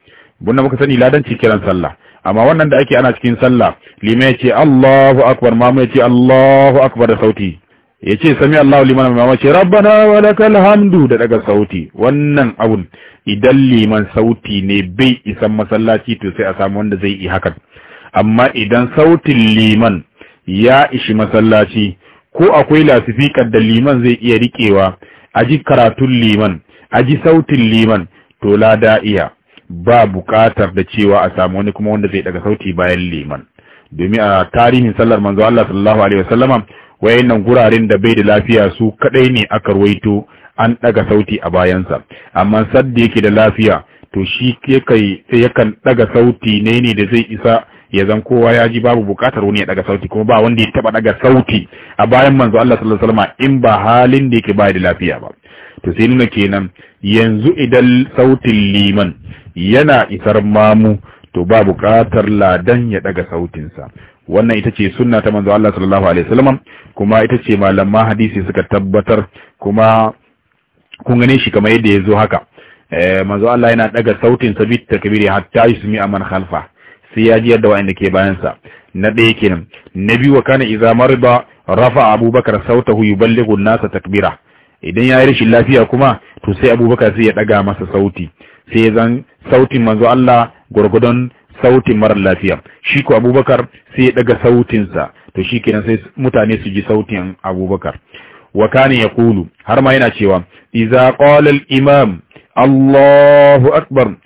A: bunda muka sani ladanci kiran sallah amma wannan da ake ana cikin sallah limai ce Allahu akbar mamu ya ce Allahu akbar da sauti ya ce sami Allahu liman mamu ce rabbana wa lakal hamdu da daga sauti wannan abun idan liman sauti ne bai isan masallaci to sai a samu wanda zai yi hakan amma idan sautin liman ya ishi masallaci ko akwai lasifikar da liman zai iya rikewa aji karatun liman aji sautin liman to la da'iya ba buƙatar da cewa a samu wani kuma wanda zai daga sauti bayan liman domin a tarihin sallar manzo Allah sallallahu alaihi wasallama wayannan guraren da bai da lafiya su kadai ne aka ruwaito an daga sauti a bayansa amma sadda yake da lafiya to shi yakan daga sauti ne ne da zai isa ya zan kowa ya ji babu buƙatar wani ya daga sauti kuma ba wanda ya taba daga sauti a bayan manzo Allah sallallahu alaihi wasallam in ba halin da yake ba da lafiya ba to sai nuna kenan yanzu idan sautin liman yana isar mamu to ba buƙatar ladan ya daga sautinsa wannan ita ce sunna ta manzo Allah sallallahu alaihi wasallam kuma ita ce malaman hadisi suka tabbatar kuma kun gane shi kamar yadda ya zo haka eh, manzo Allah yana daga sautin sa bit takbiri hatta yusmi aman khalfa sai ya ji yadda wanda ke bayan sa na ɗaya kenan na biyu wa kana idza marida rafa abubakar sautahu yuballighu an-nasa takbira idan ya yi rashin lafiya kuma to sai abubakar sai ya ɗaga masa sauti sai ya zan sautin manzo Allah gwargwadon sautin mara lafiya shi ko abubakar sai ya ɗaga sautinsa to shi kenan sai mutane su ji sautin abubakar wa kana ya kulu har ma yana cewa iza qala al imam Allahu akbar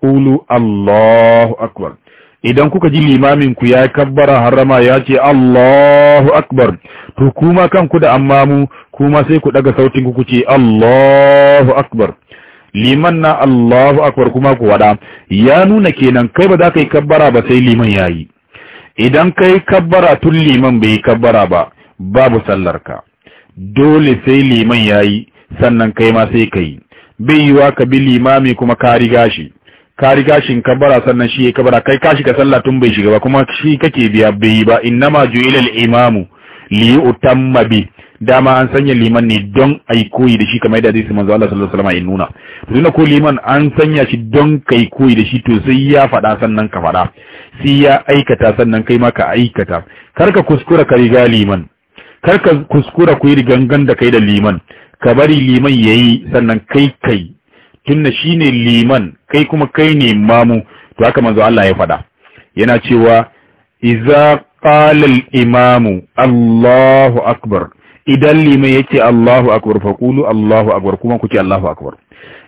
A: qulu Allahu akbar idan kuka ji limamin ku ya kabbara harama ya ce Allahu akbar to kuma kanku da ammamu kuma sai ku daga sautin ku ce Allahu akbar liman na Allahu akbar kuma ku wada ya nuna kenan kai ba za ka yi kabbara ba sai liman yayi idan kai kabbara tun liman bai kabbara ba babu sallarka dole sai liman yayi sannan kai ma sai kai bai yiwa ka bi limami kuma ka riga shi ka riga shin kabara sannan shi ya kabara kai ka sallah tun bai shiga ba kuma shi kake biya bai ba innama al imamu li utamma bi dama an sanya liman ne don ai koyi da shi kamar yadda zai manzo Allah sallallahu alaihi wasallam ya nuna to dinna ko liman an sanya shi don kai koyi da shi to sai ya faɗa sannan ka faɗa sai ya aikata sannan kai ma ka aikata karka kuskura ka riga liman karka kuskura ku yi gangan da kai da liman ka bari liman yayi sannan kai kai tunda shine liman kai kuma kai ne mamu to haka manzo Allah ya faɗa yana cewa idza qala al-imamu Allahu akbar idan liman yake Allahu akbar qulu Allahu akbar kuma kuke Allahu akbar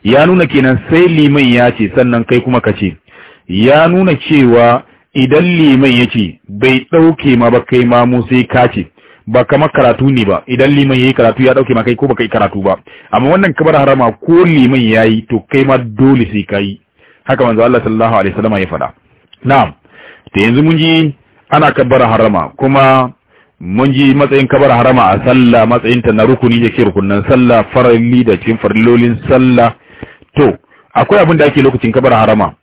A: ya nuna kenan sai liman ya ce sannan kai kuma kace ya nuna cewa idan liman yace bai dauke ma ba kai mamu sai kace. ba kamar karatu ne ba idan liman yayi karatu ya dauke maka ko baka yi karatu ba amma wannan kabar harama ko liman yayi to kai ma dole sai kai haka manzo Allah sallallahu alaihi wasallam ya faɗa na'am to yanzu mun ji ana kabbara harama kuma mun ji matsayin kabar harama a sallah matsayin ta na rukuni da ke rukunan sallah faralli da cin farlolin sallah to akwai abin da ake lokacin kabar harama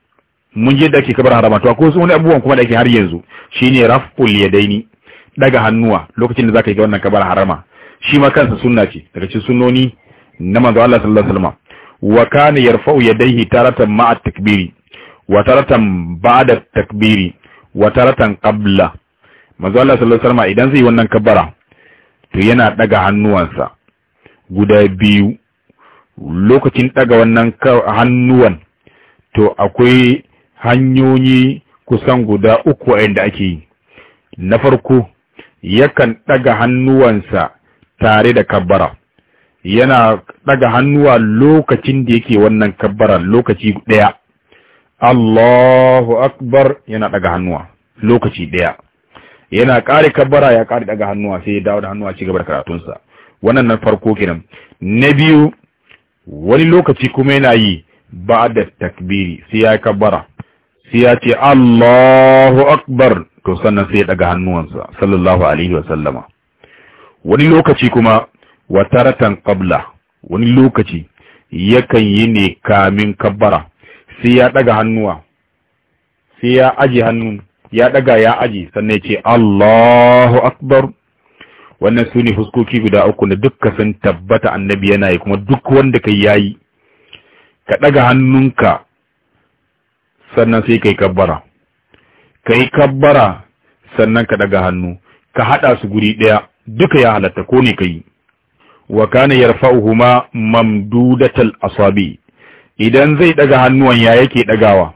A: mun ji yadda ake kabar harama to akwai wasu abubuwan kuma da ake har yanzu shine raf'ul yadaini daga hannuwa lokacin da zaka yi wannan kabar harama shi ma kansa sunna ce daga cikin sunnoni na manzo Allah sallallahu alaihi wasallam wa kana yarfa'u yadayhi taratan ma'a takbiri wa taratan ba'da takbiri wa taratan qabla manzo Allah sallallahu alaihi wasallam idan zai wannan kabara to yana daga hannuwansa guda biyu lokacin daga wannan hannuwan to akwai hanyoyi kusan guda uku wa'anda ake yi na farko yakan ɗaga hannuwansa tare da kabbara yana ɗaga hannuwa lokacin da yake wannan kabbara lokaci ɗaya Allahu akbar yana ɗaga hannuwa lokaci ɗaya yana ƙare kabbara ya ƙari ɗaga hannuwa sai ya dawo da hannuwa ci gaba da karatunsa wannan na farko kenan na biyu wani lokaci kuma yana yi ba da takbiri sai ya kabbara sai ya ce Allahu akbar to sannan sai ya daga hannuwansa sallallahu alaihi wa sallama wani lokaci kuma wataratan qabla wani lokaci yakan yi ne kamin kabbara sai ya daga hannuwa sai ya aje hannun ya daga ya aje sannan ya ce Allahu akbar wannan su ne fuskoki guda uku na dukka sun tabbata annabi yana yi kuma duk wanda kai yayi ka daga hannunka sannan sai kai kabbara ka yi kabbara sannan ka daga hannu ka haɗa su guri ɗaya duka ya halatta ko ne ka yi wa kana yarfa'uhuma mamdudatal asabi idan zai ɗaga hannuwan ya yake dagawa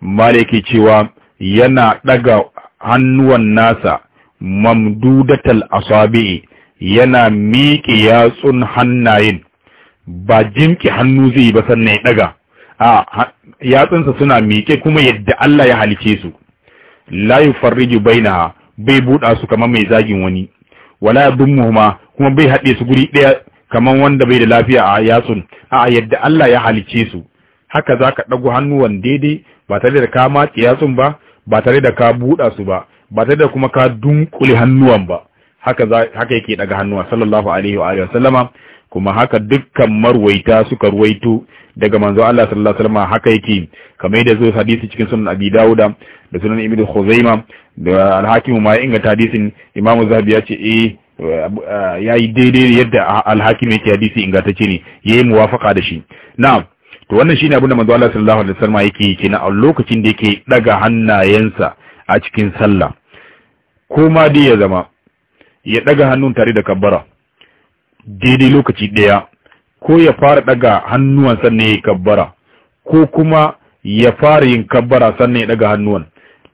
A: Malaki cewa yana ɗaga hannuwan nasa mamdudatal asabi yana miƙe yatsun hannayen ba jimki hannu zai ba sannan ya daga a yatsunsa suna miƙe kuma yadda Allah ya halice su la yufarriju bainaha bai buɗa su kamar mai zagin wani wala yadummuhuma kuma bai haɗe su guri ɗaya kamar wanda bai da lafiya a yatsun a yadda Allah ya halice su haka zaka ɗago hannuwan daidai ba tare da ka matse yatsun ba ba tare da ka buɗa su ba ba tare da kuma ka dunkule hannuwan ba haka haka yake daga hannuwa sallallahu alaihi wa alihi sallama kuma haka dukkan marwaita suka ruwaito daga manzo Allah sallallahu alaihi wasallam haka yake kamar yadda zo hadisi cikin sunan Abi Dawuda da sunan Ibn Khuzaimah da al-Hakim ma inga hadisin Imam Zahabi ya ce eh yayi daidai yadda al-Hakim yake hadisi ingantacce ne yayi muwafaqa da shi na'am to wannan shine abin da manzo Allah sallallahu alaihi wasallam yake kenan a lokacin da yake daga hannayensa a cikin sallah ko ma dai ya zama ya daga hannun tare da kabbara daidai lokaci ɗaya ko ya fara ɗaga hannuwan sannan ya yi kabbara ko kuma ya fara yin kabbara sannan ya ɗaga hannuwan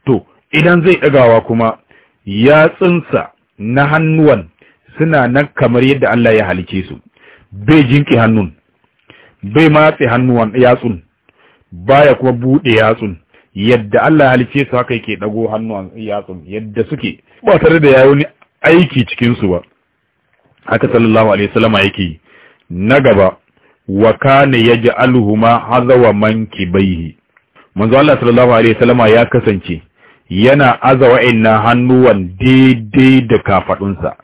A: to idan zai ɗagawa kuma yatsunsa na hannuwan suna nan kamar yadda Allah ya halice su bai jinki hannun bai matse hannuwan yatsun baya kuma buɗe yatsun yadda Allah ya halice su haka yake ɗago hannuwan yatsun yadda suke ba tare da yayi wani aiki cikin su ba haka sallallahu alaihi wasallam yake na gaba wa kana yaj'aluhuma hazawa mankibaihi manzo Allah sallallahu alaihi wasallam ya kasance yana aza inna hannuwan daidai da kafadunsa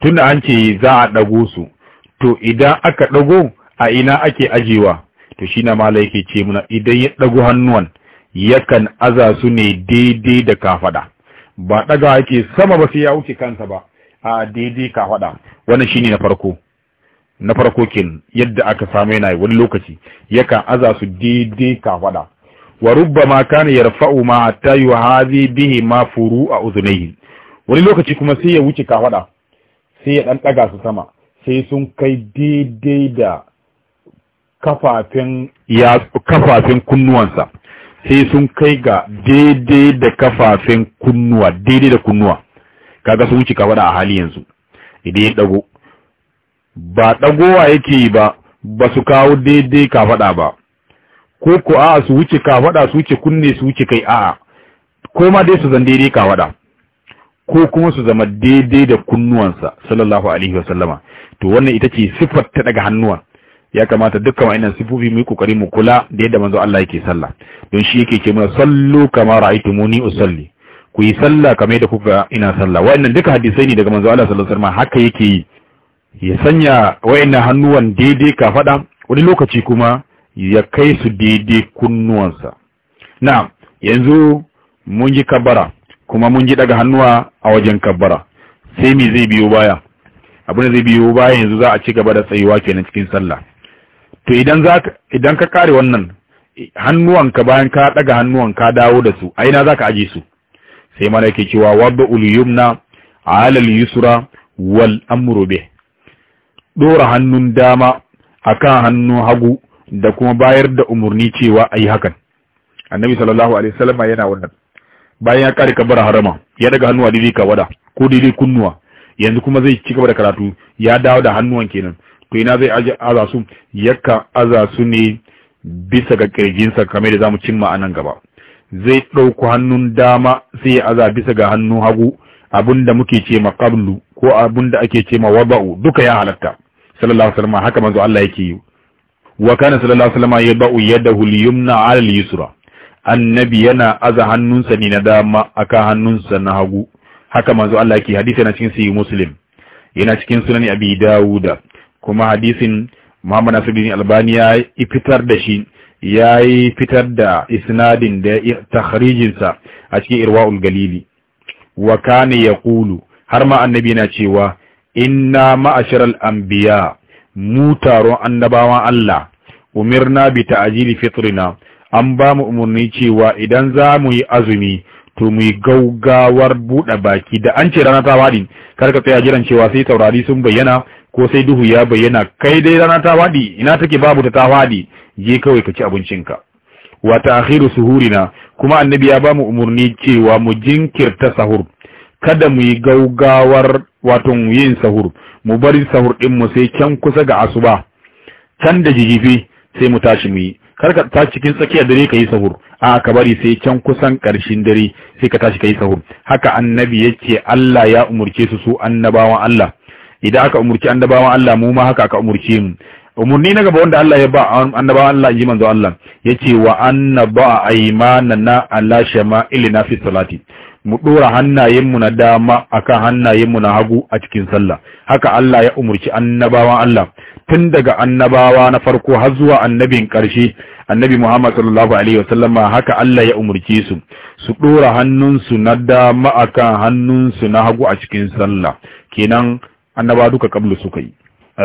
A: tunda an ce za a dago su to idan aka dago a ina ake ajewa to shi na mala yake ce muna idan ya dago hannuwan yakan aza su ne daidai da kafada ba daga ake sama ba sai ya wuce kansa ba a daidai ka faɗa wannan shine na farko na farko kin yadda aka samu yana wani lokaci yakan aza su daidai ka faɗa wa rubbama kana yarfa'u ma hatta yuhazi bihi ma furu a uzunayhi wani lokaci kuma sai ya wuce ka faɗa sai ya dan daga su sama sai sun kai daidai da kafafin ya kafafin kunnuwansa sai sun kai ga daidai da kafafin kunnuwa daidai da kunnuwa kaga su wuce da a hali yanzu idan ya dago ba dagowa yake yi ba ba su kawo daidai kafada ba ko ko a'a su wuce kafada su wuce kunne su wuce kai a'a ko ma dai su zan daidai kafada ko kuma su zama daidai da kunnuwansa sallallahu alaihi wa sallama to wannan ita ce siffar ta daga hannuwa ya kamata dukkan wa'annan sifofi mu yi kokari mu kula da yadda manzo Allah yake sallah don shi yake ce mana sallu kama ra'aytumuni usalli ku yi sallah kamar yadda kuka ina sallah wa'annan duka hadisai ne daga manzo Allah sallallahu alaihi wasallam haka yake yi ya sanya wa'annan hannuwan daidai ka fada wani lokaci kuma ya kai su daidai kunnuwansa na'am yanzu mun ji kabbara kuma mun ji daga hannuwa a wajen kabbara sai me zai biyo baya abin da zai biyo baya yanzu za a ci gaba da tsayuwa kenan cikin sallah to idan za idan ka kare wannan hannuwanka bayan ka daga hannuwan ka dawo da su a ina ka aje su sai mana yake cewa wadda uliyumna ala yusra wal amru bih dora hannun dama akan hannu hagu da kuma bayar da umarni cewa ayi hakan annabi sallallahu alaihi wasallam yana wannan bayan ya kare bara harama ya daga hannuwa ka wada ko daidai kunnuwa yanzu kuma zai ci gaba da karatu ya dawo da hannuwan kenan to ina zai aje aza su yakka aza su ne bisa ga kirjinsa kamar da zamu cimma a nan gaba zai ɗauku hannun dama sai ya aza bisa ga hannun hagu abinda muke ce ma qablu ko abinda ake ce ma wada'u duka ya halatta sallallahu alaihi wasallam haka manzo Allah yake yi wa kana sallallahu alaihi wasallam yada'u yadahu liyumna 'ala al-yusra annabi yana aza hannunsa ne na dama aka hannunsa na hagu haka manzo Allah yake hadisi yana cikin sahih muslim yana cikin sunan abi dawuda kuma hadisin Muhammad Nasiruddin Albani ya fitar da shi ya yi fitar da isnadin da tahrijinsa a cikin irwa'ul galili wa kana yaqulu har ma annabi na cewa inna ma'asharal anbiya mu taron annabawan Allah umirna bi ta'jili fitrina an ba mu umarni cewa idan za mu yi azumi to mu yi gaugawar buɗe baki da an ce rana ta faɗi kar ka tsaya jiran cewa sai taurari sun bayyana ko sai duhu ya bayyana kai dai rana ta fadi ina take babu ta ta je kawai ka ci abincinka wa ta'khiru suhurina kuma annabi ya bamu umurni cewa mu jinkirta sahur kada mu yi gaugawar wato yin sahur mu bari sahur din mu sai can kusa ga asuba can da jijifi sai mu tashi mu yi kar ka tashi cikin tsakiyar dare ka sahur a ka bari sai can kusan karshen dare sai ka tashi ka yi sahur haka annabi yace Allah ya umurce su su annabawan Allah idan aka umurci annabawan Allah mu ma haka aka umurce mu umurni na gaba wanda Allah ya ba annabawan Allah yi manzo Allah yace wa annaba aymanana ala shama'ilina fi salati mu dora hannayenmu na dama akan hannayenmu na hagu a cikin sallah haka Allah ya umurci annabawan Allah tun daga annabawa na farko har zuwa annabin ƙarshe annabi Muhammad sallallahu alaihi wasallam haka Allah ya umurce su su dora hannunsu na dama akan hannunsu na hagu a cikin sallah kenan annaba duka qablu suka yi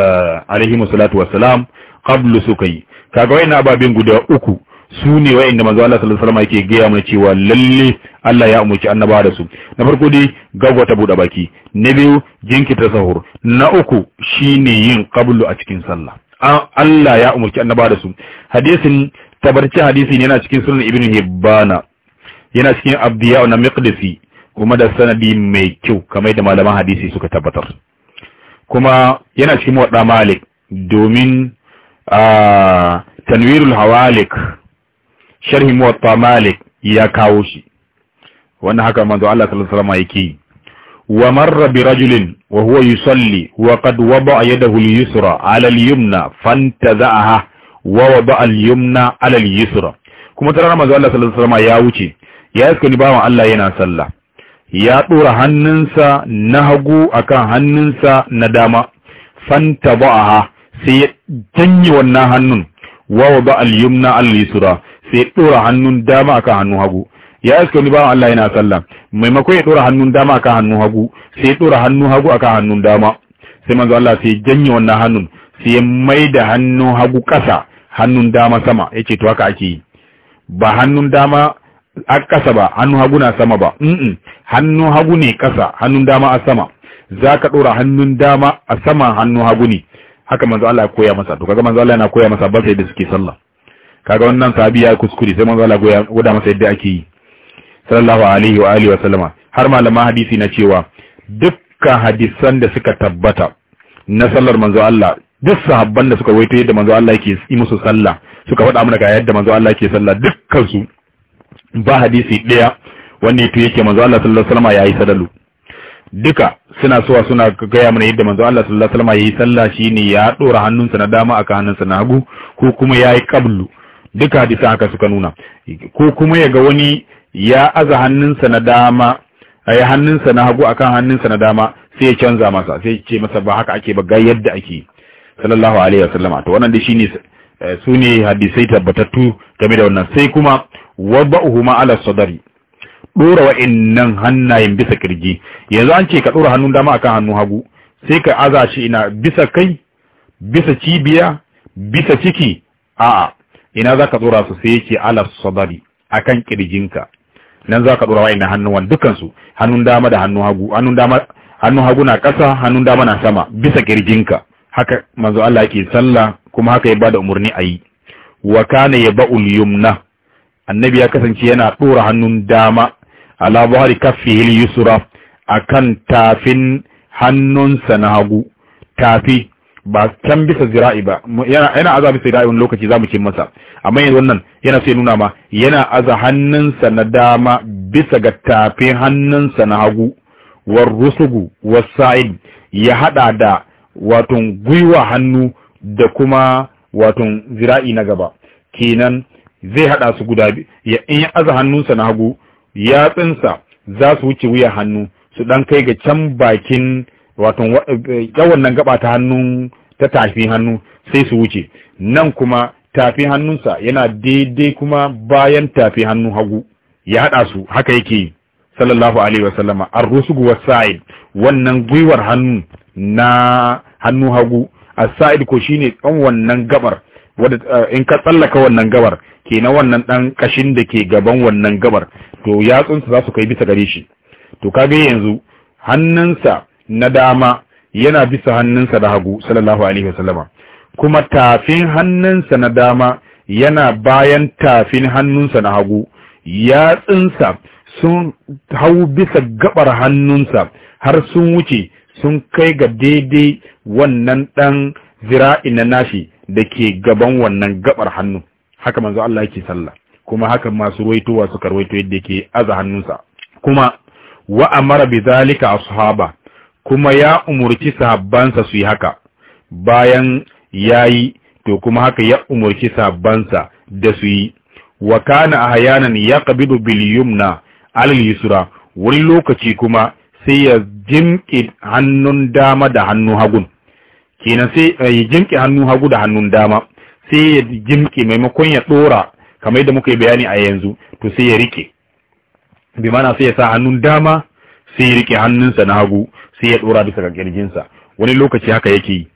A: ah, alaihi wassalatu wassalam qablu suka yi kaga wayannan ababen guda uku sune ne da manzo Allah sallallahu alaihi wasallam yake gaya mana cewa lalle Allah ya umurci annaba da su na farko dai ta buɗe baki na biyu jinkirta sahur na uku shine yin qablu a cikin sallah ah, Allah ya umurci annaba da su hadisin tabarci hadisi ne yana cikin sunan ibnu hibbana yana cikin abdiya na miqdisi kuma da sanadi mai kyau kamar da malaman hadisi suka tabbatar kuma yana cikin wadda malik domin tanwirul hawalik sharhi muwatta malik ya kawo shi wannan haka manzo Allah sallallahu alaihi wasallam yake wa marra bi rajulin wa huwa yusalli wa qad wada'a yadahu al-yusra 'ala al-yumna fantaza'aha wa wada'a al-yumna 'ala al-yusra kuma tara manzo Allah sallallahu alaihi wasallam ya wuce ya iska ni bawan Allah yana sallah ya ɗora hannunsa na hagu akan hannunsa na dama fanta ba'aha sai ya janye wannan hannun wawa ba al-yumna al-yusra sai ya ɗora hannun dama akan hannun hagu ya iska wani bawan Allah yana sallah maimakon ya ɗora hannun dama akan hannun hagu sai ya ɗora hannun hagu akan hannun dama sai manzo Allah sai ya janye wannan hannun sai ya da hannun hagu ƙasa hannun dama sama yace to haka ake ba hannun dama a ƙasa ba hannu hagu na sama ba hannu hagu ne ƙasa hannun dama a sama za ka ɗora hannun dama a sama hannu hagu ne haka manzo Allah ya koya masa to kaga manzo Allah yana koya masa ba sai da suke sallah kaga wannan sahabi ya kuskure sai manzo Allah ya goda masa yadda ake yi sallallahu alaihi wa alihi wa sallama har malama hadisi na cewa dukkan hadisan da suka tabbata na sallar manzo Allah duk sahabban da suka waito yadda manzo Allah yake yi musu sallah suka faɗa mana ga yadda manzo Allah yake sallah dukkan su ba hadisi ɗaya wanda yato yake manzo Allah sallallahu alaihi wasallam yayi sadalu duka suna suwa suna gaya mana yadda manzo Allah sallallahu alaihi wasallam yayi sallah shine ya dora hannunsa na dama akan hannunsa na hagu ko kuma yayi qablu duka hadisi haka suka nuna ko kuma yaga wani ya aza hannunsa na dama ayi hannunsa na hagu akan hannunsa na dama sai ya canza masa sai ce masa ba haka ake ba ga yadda ake sallallahu alaihi wasallam to wannan dai shine eh, su ne hadisai tabbatattu game da wannan sai kuma wadda'uhuma ala sadari dora wa'annan hannayen bisa kirji yanzu an ce ka dora hannun dama akan hannun hagu sai ka aza shi ina bisa kai bisa cibiya bisa ciki a'a ina zaka dora su sai yake ala sadari akan kirjinka nan zaka dora wa'annan hannuwan dukan su hannun dama da hannun hagu hannun dama hannun hagu na ƙasa hannun dama na sama bisa kirjinka haka manzo Allah yake sallah kuma haka ya bada umurni ayi wa kana yaba'ul yumna annabi ya kasance yana ɗora hannun dama ala buhari kaffihil yusra akan tafin hannunsa na hagu tafi ba can bisa zira'i ba yana aza bisa zira'i wani lokaci zamu ce masa amma yanzu wannan yana sai nuna ma yana aza hannunsa na dama bisa ga tafin hannunsa na hagu war rusugu was sa'id ya hada da waton gwiwa hannu da kuma waton zira'i na gaba kenan zai haɗa su guda ya in ya aza hannunsa na hagu yatsinsa za su wuce wuya hannu su ɗan kai ga can bakin wato yawan eh, nan gaba ta hannun ta tafi hannu sai su wuce nan kuma tafi hannunsa yana daidai kuma bayan tafi hannun hagu ya haɗa su haka yake yi sallallahu alaihi wasallama an rusugu wa sa'id wannan gwiwar hannu na hannu hagu a sa'id ko shine ɗan wannan gabar wanda eh, in ka tsallaka wannan gabar kenan wannan ɗan ƙashin da ke gaban wannan gabar to yatsunsa za su kai bisa gare shi to kaga yanzu hannunsa na dama yana bisa hannunsa da hagu sallallahu alaihi wasallama kuma tafin hannunsa na dama yana bayan tafin hannunsa na hagu yatsunsa sun hau bisa gabar hannunsa har sun wuce sun kai ga daidai wannan ɗan zira'i na nashi da ke gaban wannan gabar hannu haka manzo Allah yake sallah kuma haka masu ruwaitowa suka ruwaito yadda yake aza hannunsa kuma wa amara bi zalika ashaba kuma ya umurci sahabbansa su yi haka bayan yayi to kuma haka ya umurci sahabbansa da su yi wa kana ahyanan yaqbidu bil yumna al yusra wani lokaci kuma sai ya jimki hannun dama da hannun hagun kenan sai eh, ya jinki hannun hagu da hannun dama sai ya jimke maimakon ya ɗora kamar yadda muka yi bayani a yanzu to sai ya rike bi mana sai ya sa hannun dama sai ya rike hannunsa na hagu sai ya ɗora bisa ga kirjinsa wani lokaci haka yake yi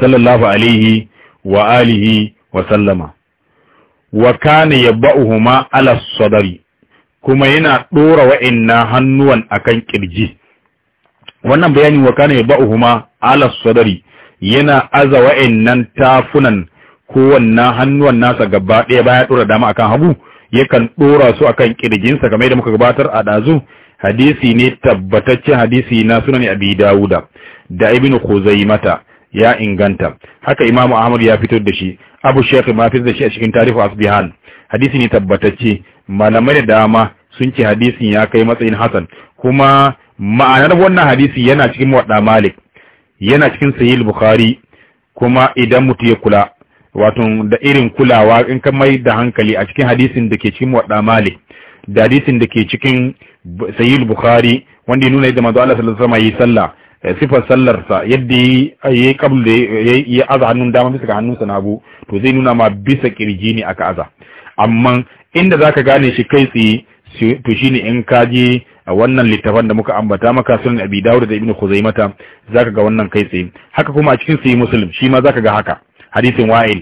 A: sallallahu alaihi wa alihi wa sallama wa kana yabba'uhuma ala sadari kuma yana ɗora wa'inna hannuwan akan ƙirji. wannan bayanin wa kana yabba'uhuma ala sadari yana aza wa'annan tafunan ko wannan hannuwan nasa gaba ɗaya baya ɗora dama akan hagu yakan ɗora su akan ƙirjinsa kamar yadda muka gabatar a ɗazu hadisi ne tabbataccen hadisi na sunan abi dawuda da ibn mata ya inganta haka imamu ahmad ya fitar da shi abu shaykh ma fitar da shi a cikin tarihu asbihan hadisi ne tabbatacce malamai da dama sun ce hadisin ya kai matsayin hasan kuma ma'anar wannan hadisi yana cikin muwadda malik yana cikin sahih bukhari kuma idan mutu ya kula wato da irin kulawa in ka mai da hankali a cikin hadisin da ke cikin wadda male da hadisin da ke cikin sahih bukhari wanda ya nuna yadda manzo Allah sallallahu alaihi wasallam sallah eh, sifar sallarsa yadda yayi kabul da yayi aza hannun dama bisa hannun sa na abu to zai nuna ma bisa kirji ne aka aza amma inda zaka gane shi kai tsaye to shine in ka je a wannan littafan da muka ambata maka sunan abi dawud da ibnu khuzaimata zaka ga wannan kai tsaye haka kuma a cikin sahih muslim shi ma zaka ga haka hadisin wa'il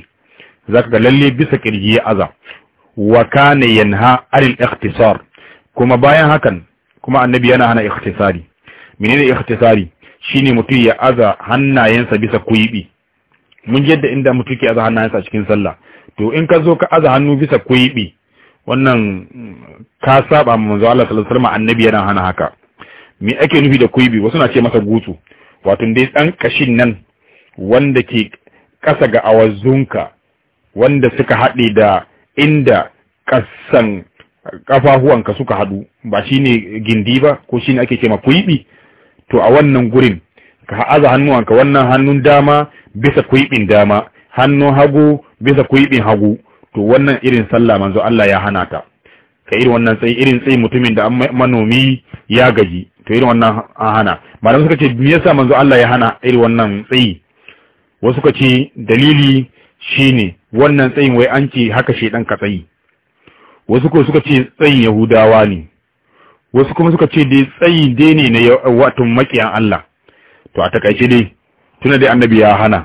A: zaka ga lalle bisa kirji ya aza wa kana yanha alil ikhtisar kuma bayan hakan kuma annabi yana hana ikhtisari menene ikhtisari shine mutum ya aza hannayensa bisa kuyibi mun yadda inda mutum ke aza hannayensa a cikin sallah to in ka zo ka aza hannu bisa kuyibi wannan ka saba ma manzo Allah sallallahu alaihi wasallam annabi yana hana haka me ake nufi da kuibi wasu na ce masa gutu wato dai dan kashin nan wanda ke kasa ga awazunka wanda suka haɗe da inda kasan kafahuwanka suka haɗu ba shine gindi ba ko shine ake cewa ma kuibi to a wannan gurin ka aza hannuwanka wannan hannun dama bisa kuibin dama hannun hagu bisa kuibin hagu to wannan irin sallah manzo Allah ya hana ta ka irin wannan tsayi irin tsayi mutumin da manomi ya gaji to irin wannan an hana malam suka ce me yasa manzo Allah ya hana irin wannan tsayi wasu suka ce dalili shine wannan tsayin wai an ce haka shedan ka tsayi wasu ko suka ce tsayin yahudawa ne wasu kuma suka ce dai tsayi dai ne na wato makiyan Allah to a takaice dai tuna dai annabi ya hana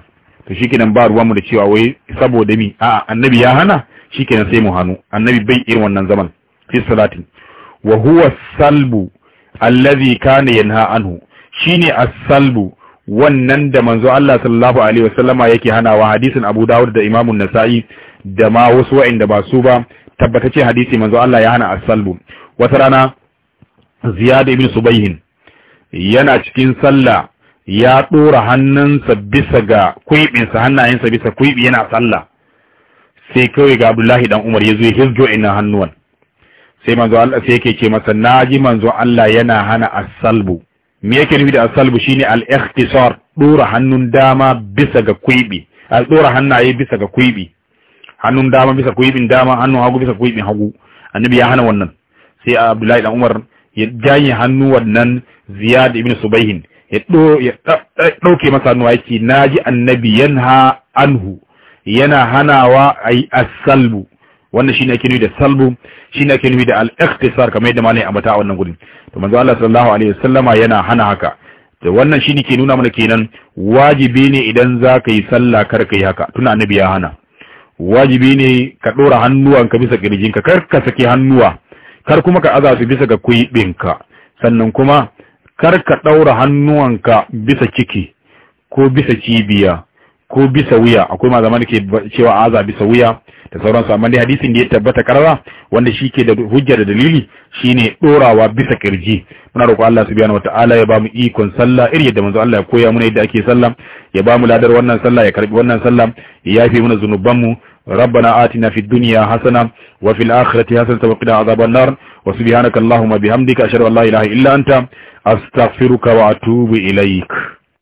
A: to shikenan ba mu da cewa wai saboda mi a'a annabi ya hana shikenan sai mu hanu annabi bai irin wannan zaman fi salatin wa huwa salbu allazi kana yanha anhu shine as-salbu wannan da manzo Allah sallallahu alaihi wasallama yake hanawa hadisin Abu Dawud da Imam nasai da ma wasu wa'inda ba su ba tabbatace hadisi manzo Allah ya hana as-salbu wata rana Ziyad ibn Subayh yana cikin sallah ya ɗora hannunsa bisa ga kwiɓinsa hannayensa bisa kwiɓi yana sallah sai kawai ga Abdullahi dan Umar ya zo ya hizgo ina hannuwan sai manzo Allah sai yake ce masa naji manzo Allah yana hana asalbu, me yake nufi da asalbu shine al-ikhtisar ɗora hannun dama bisa ga kwiɓi a ɗora hannaye bisa ga kwiɓi hannun dama bisa kwiɓin dama hannun hagu bisa kwiɓin hagu annabi ya hana wannan sai Abdullahi dan Umar ya janye hannu wannan Ziyad ibn Subayhin ya ɗauke masa hannuwa yake na ji annabi yanha anhu yana hanawa a yi asalbu wannan shi ne ake da salbu shi ne ake nufi da al'iktisar kamar yadda malai ambata a wannan gudun to manzo Allah sallallahu alaihi wasallama yana hana haka to wannan shi ne ke nuna mana kenan wajibi ne idan za ka yi sallah kar ka yi haka tuna annabi ya hana wajibi ne ka ɗora hannuwanka bisa ƙirjinka kar ka saki hannuwa kar kuma ka aza su bisa ga ɗinka sannan kuma kar ka ɗaura hannuwanka bisa ciki ko bisa cibiya ko bisa wuya akwai ma zama da ke cewa aza bisa wuya da sauransu amma dai hadisin da ya tabbata karara wanda shi ke da hujja da dalili ne ɗorawa bisa kirji muna roƙo Allah subhanahu wataala ya bamu ikon sallah iri yadda manzo Allah ya koya muna yadda ake sallah ya bamu ladar wannan sallah ya karbi wannan sallah ya yafe muna zunubanmu ربنا آتنا في الدنيا حسنة وفي الآخرة حسنة وقنا عذاب النار وسبحانك اللهم بحمدك أشهد أن لا إله إلا أنت أستغفرك وأتوب إليك